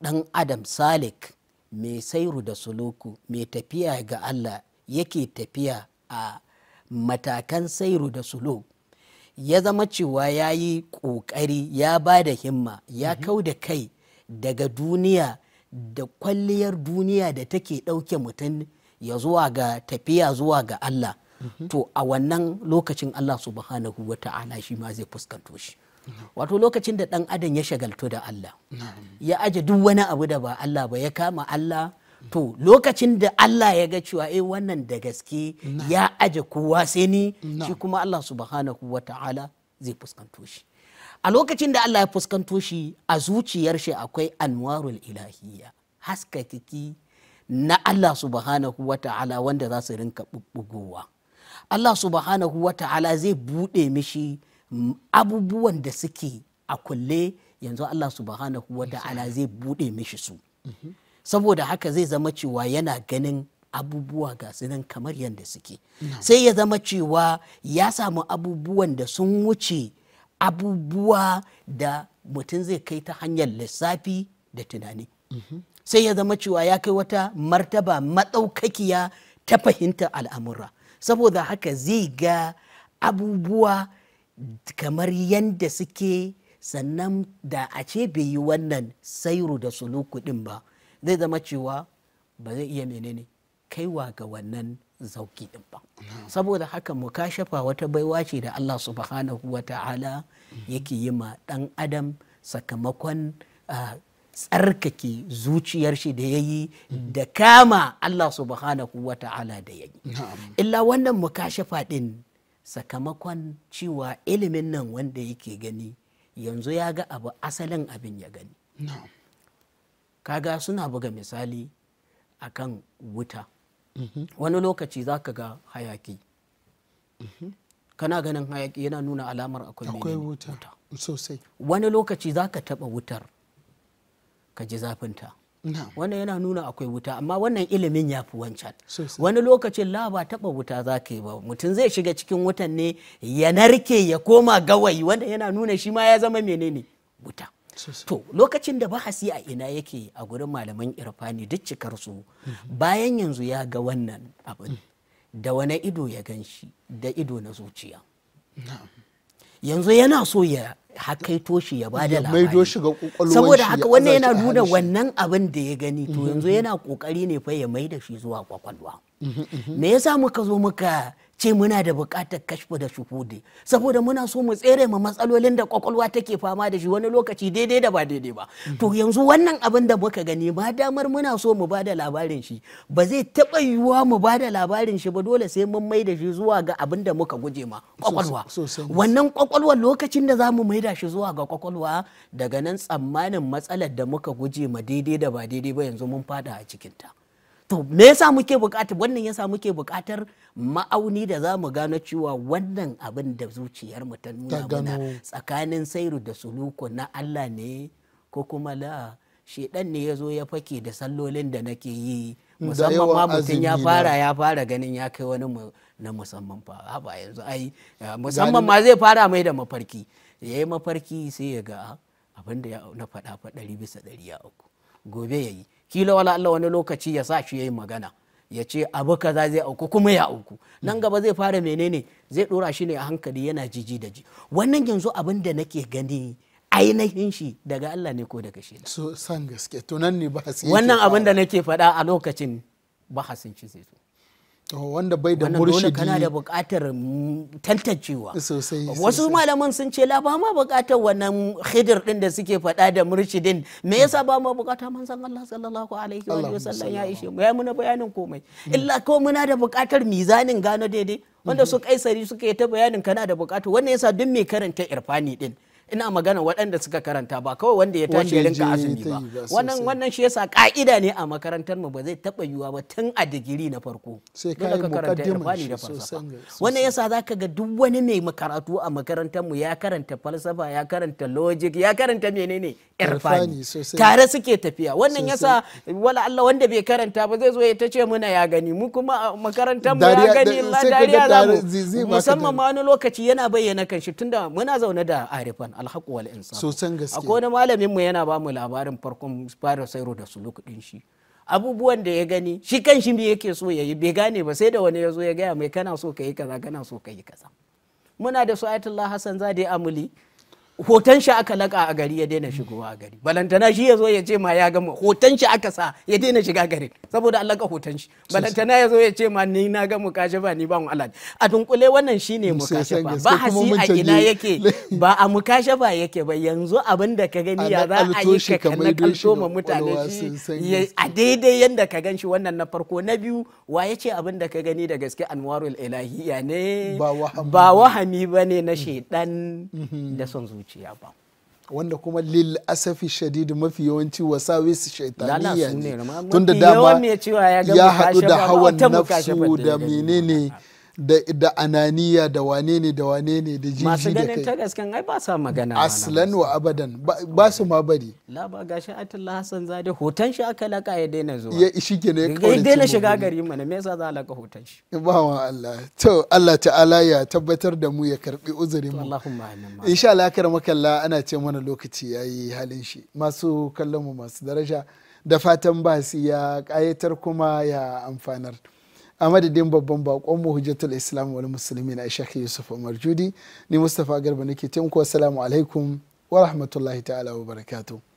dan adam salik mai sairu da suluku mai tafiya ga allah yake tafiya a matakan sairu da suluk ya zama cewa ya yi ƙoƙari ya ba da himma ya mhm. kau da kai daga duniya da kwalliyar duniya da take ɗauke mutum ya zuwa ga tafiya zuwa ga Allah mhm. to a wannan lokacin Allah subhanahu wa ta'ala shi ma zai fuskanto shi wato lokacin da ɗan adam ya shagaltu da Allah ya aje duk wani abu da ba Allah ba ya kama Allah to lokacin da Allah ya ga cewa eh wannan da gaske ya aje kowa sai ni shi kuma Allah subhanahu wa ta'ala zai fuskanto shi a lokacin da Allah ya fuskanto shi a zuciyar shi akwai anwarul ilahiyya haskakiki na Allah subhanahu wa ta'ala wanda za su rinka bubbugowa Allah subhanahu wa ta'ala zai buɗe mishi abubuwan da suke a kulle yanzu Allah subhanahu wa ta'ala zai buɗe mishi su saboda haka zai zama cewa yana ganin abubuwa ga su kamar yadda suke sai ya zama cewa ya samu abubuwan da sun wuce abubuwa da mutum zai kai ta hanyar lissafi da tunani sai ya zama cewa ya kai wata martaba maɗaukakiya ta fahimtar al'amura saboda haka zai ga abubuwa kamar yadda suke sannan da a ce bai yi wannan sairu da suluku ɗin ba zai zama cewa ba zai iya menene kaiwa ga wannan zauki din ba saboda haka mu kashafa wata baiwa ce da Allah subhanahu wa ta'ala yake yi ma dan adam sakamakon tsarkake zuciyar shi da yayi da kama Allah subhanahu wa ta'ala da yayi illa wannan mukashafa din sakamakon cewa ilimin nan wanda yake gani yanzu ya ga abu asalin abin ya gani kaga suna buga misali akan wuta wani lokaci za ka ga hayaki kana ganin hayaki yana nuna alamar akwai wuta sosai wani lokaci za ka taɓa wutar ka ji zafinta wannan yana nuna akwai wuta amma wannan ilimin ya fi wancan wani lokacin la ba taba wuta za ka yi ba mutum zai shiga cikin wutan ne ya narke ya koma gawayi wanda yana nuna shi ma ya zama menene wuta to lokacin da bahasi a ina yake a gurin malaman irfani duk cikarsu bayan yanzu ya ga wannan abin da wani ido ya gan shi da ido na zuciya yanzu yana so ya hakaito shi ya bada labari saboda haka wannan yana nuna wannan abin da ya gani to mm-hmm. yanzu yana kokari ne fa ya maida shi zuwa kwakwalwa mm-hmm, mm-hmm. me yasa muka zo muka ce muna da bukatar kashfu da shuhudi saboda muna so mu tsere ma matsalolin da kwakwalwa take fama da shi wani lokaci daidai da ba daidai ba mhm. to yanzu wannan abin da muka gani ba damar muna so mu bada labarin shi ba zai taɓa yiwuwa mu bada labarin shi ba dole sai mun mai da shi zuwa ga abin da muka guje ma kwakwalwa wannan kwakwalwa lokacin da zamu mu mai da shi zuwa ga kwakwalwa daga nan tsammanin matsalar da muka guje ma daidai da ba daidai ba yanzu mun fada a cikinta. ta to me yasa muke bukatar wannan yasa muke bukatar ma'auni da za mu gano cewa wannan abin da zuciyar mu ta nuna mana tsakanin sairu da suluku na Allah ne ko kuma la shedan ne ya zo ya fake da sallolin da nake yi musamman ma mutum ya fara ya fara ganin ya kai wani na musamman fa ba yanzu ai musamman ma zai fara mai da mafarki ya yi mafarki sai ya ga abin da na faɗa fa ɗari bisa ɗari ya uku gobe ya yi kila wala Allah wani lokaci ya sa shi yayi magana ya ce abu kaza zai auku kuma ya auku nan gaba zai fara menene zai dora shi ne a hankali yana jiji da ji wannan yanzu abin da nake gani ainihin shi daga Allah ne ko daga shi so san gaske to nan ne ba wannan abin da nake faɗa a lokacin ba hasin shi zai zo wanda bai da murshidi kana da bukatar tantancewa wasu malaman sun ce la ba ma bukatar wannan khidir din da suke faɗa da murshidin me yasa ba ma man manzon Allah sallallahu alaihi wa sallam ya ishe mu ya muna bayanin komai hmm. illa ko muna da bukatar mizanin gano daidai wanda su hmm. kaisari suke ta bayanin kana da bukatar wannan yasa duk mai karanta irfani din ina magana waɗanda suka karanta ba kawai wanda ya tashi rinka azumi ba wannan wannan shi yasa ka'ida ne a makarantar mu ba zai taɓa yiwuwa ba tun a digiri na farko sai ka karanta irfani da falsafa wannan yasa zaka ga duk wani mai makaratu a makarantar mu ya karanta falsafa ya karanta logic ya karanta menene irfani tare suke tafiya wannan yasa wala Allah wanda bai karanta ba zai zo ya tace muna ya gani mu kuma a makarantar mu ya gani Allah dariya zamu musamman ma wani lokaci yana bayyana kanshi tunda muna zaune da arifan alhaq wal insaf akwai wani malamin mu yana ba mu labarin farkon fara sairo da suluk din shi abubuwan da ya gani shi kan shi me yake so yayi bai gane ba sai da wani ya zo ya gaya mai kana so kayi kaza kana so kayi kaza muna da su ayatullah hasan zade amuli hoton shi aka laka a gari ya daina shigowa a gari balantana shi ya zo ya ce ma ya gama hoton shi aka sa ya daina shiga garin saboda an laka hoton shi balantana ya zo ya ce ma ni na ga mu ba ni ba mu alaji a dunkule wannan shine kashe ba hasi a ina yake ba a mu ba yake ba yanzu abin da ka gani ya za a yi ka kalkalto ma mutane shi a daidai yanda ka gan shi wannan na farko na biyu wa ya ce abin da ka gani da gaske anwarul ilahiya ne ba wahami ba ne na mm-hmm. shaidan mm-hmm. da son zuciya zuciya ba wanda kuma lil asafi shadid mafi yawanci wasawis shaitaniya ne tunda dama ya haɗu da hawan nafsu da menene da ananiya da wane ne da wane ne da jiji da kai masu ganin ta gaskan ai ba sa magana aslan wa abadan ba su ma bari la ba gashi atullah hasan zade hoton shi aka laka ya daina zuwa ya shi ke ne ya daina shiga gari mana me yasa za a laka hoton shi ba wa Allah to Allah ta'ala ya tabbatar da mu ya karbi uzuri mu Allahumma amin insha Allah kalla ana ce mana lokaci yayi halin shi masu kallon mu masu daraja da fatan ba su ya kayatar kuma ya amfanar a madadin babban bakon mu hujjatul islam wal muslimin a shekhi yusuf umar judi ni mustapha garba nake taimako assalamu alaikum wa rahmatullahi ta'ala wa barakatuh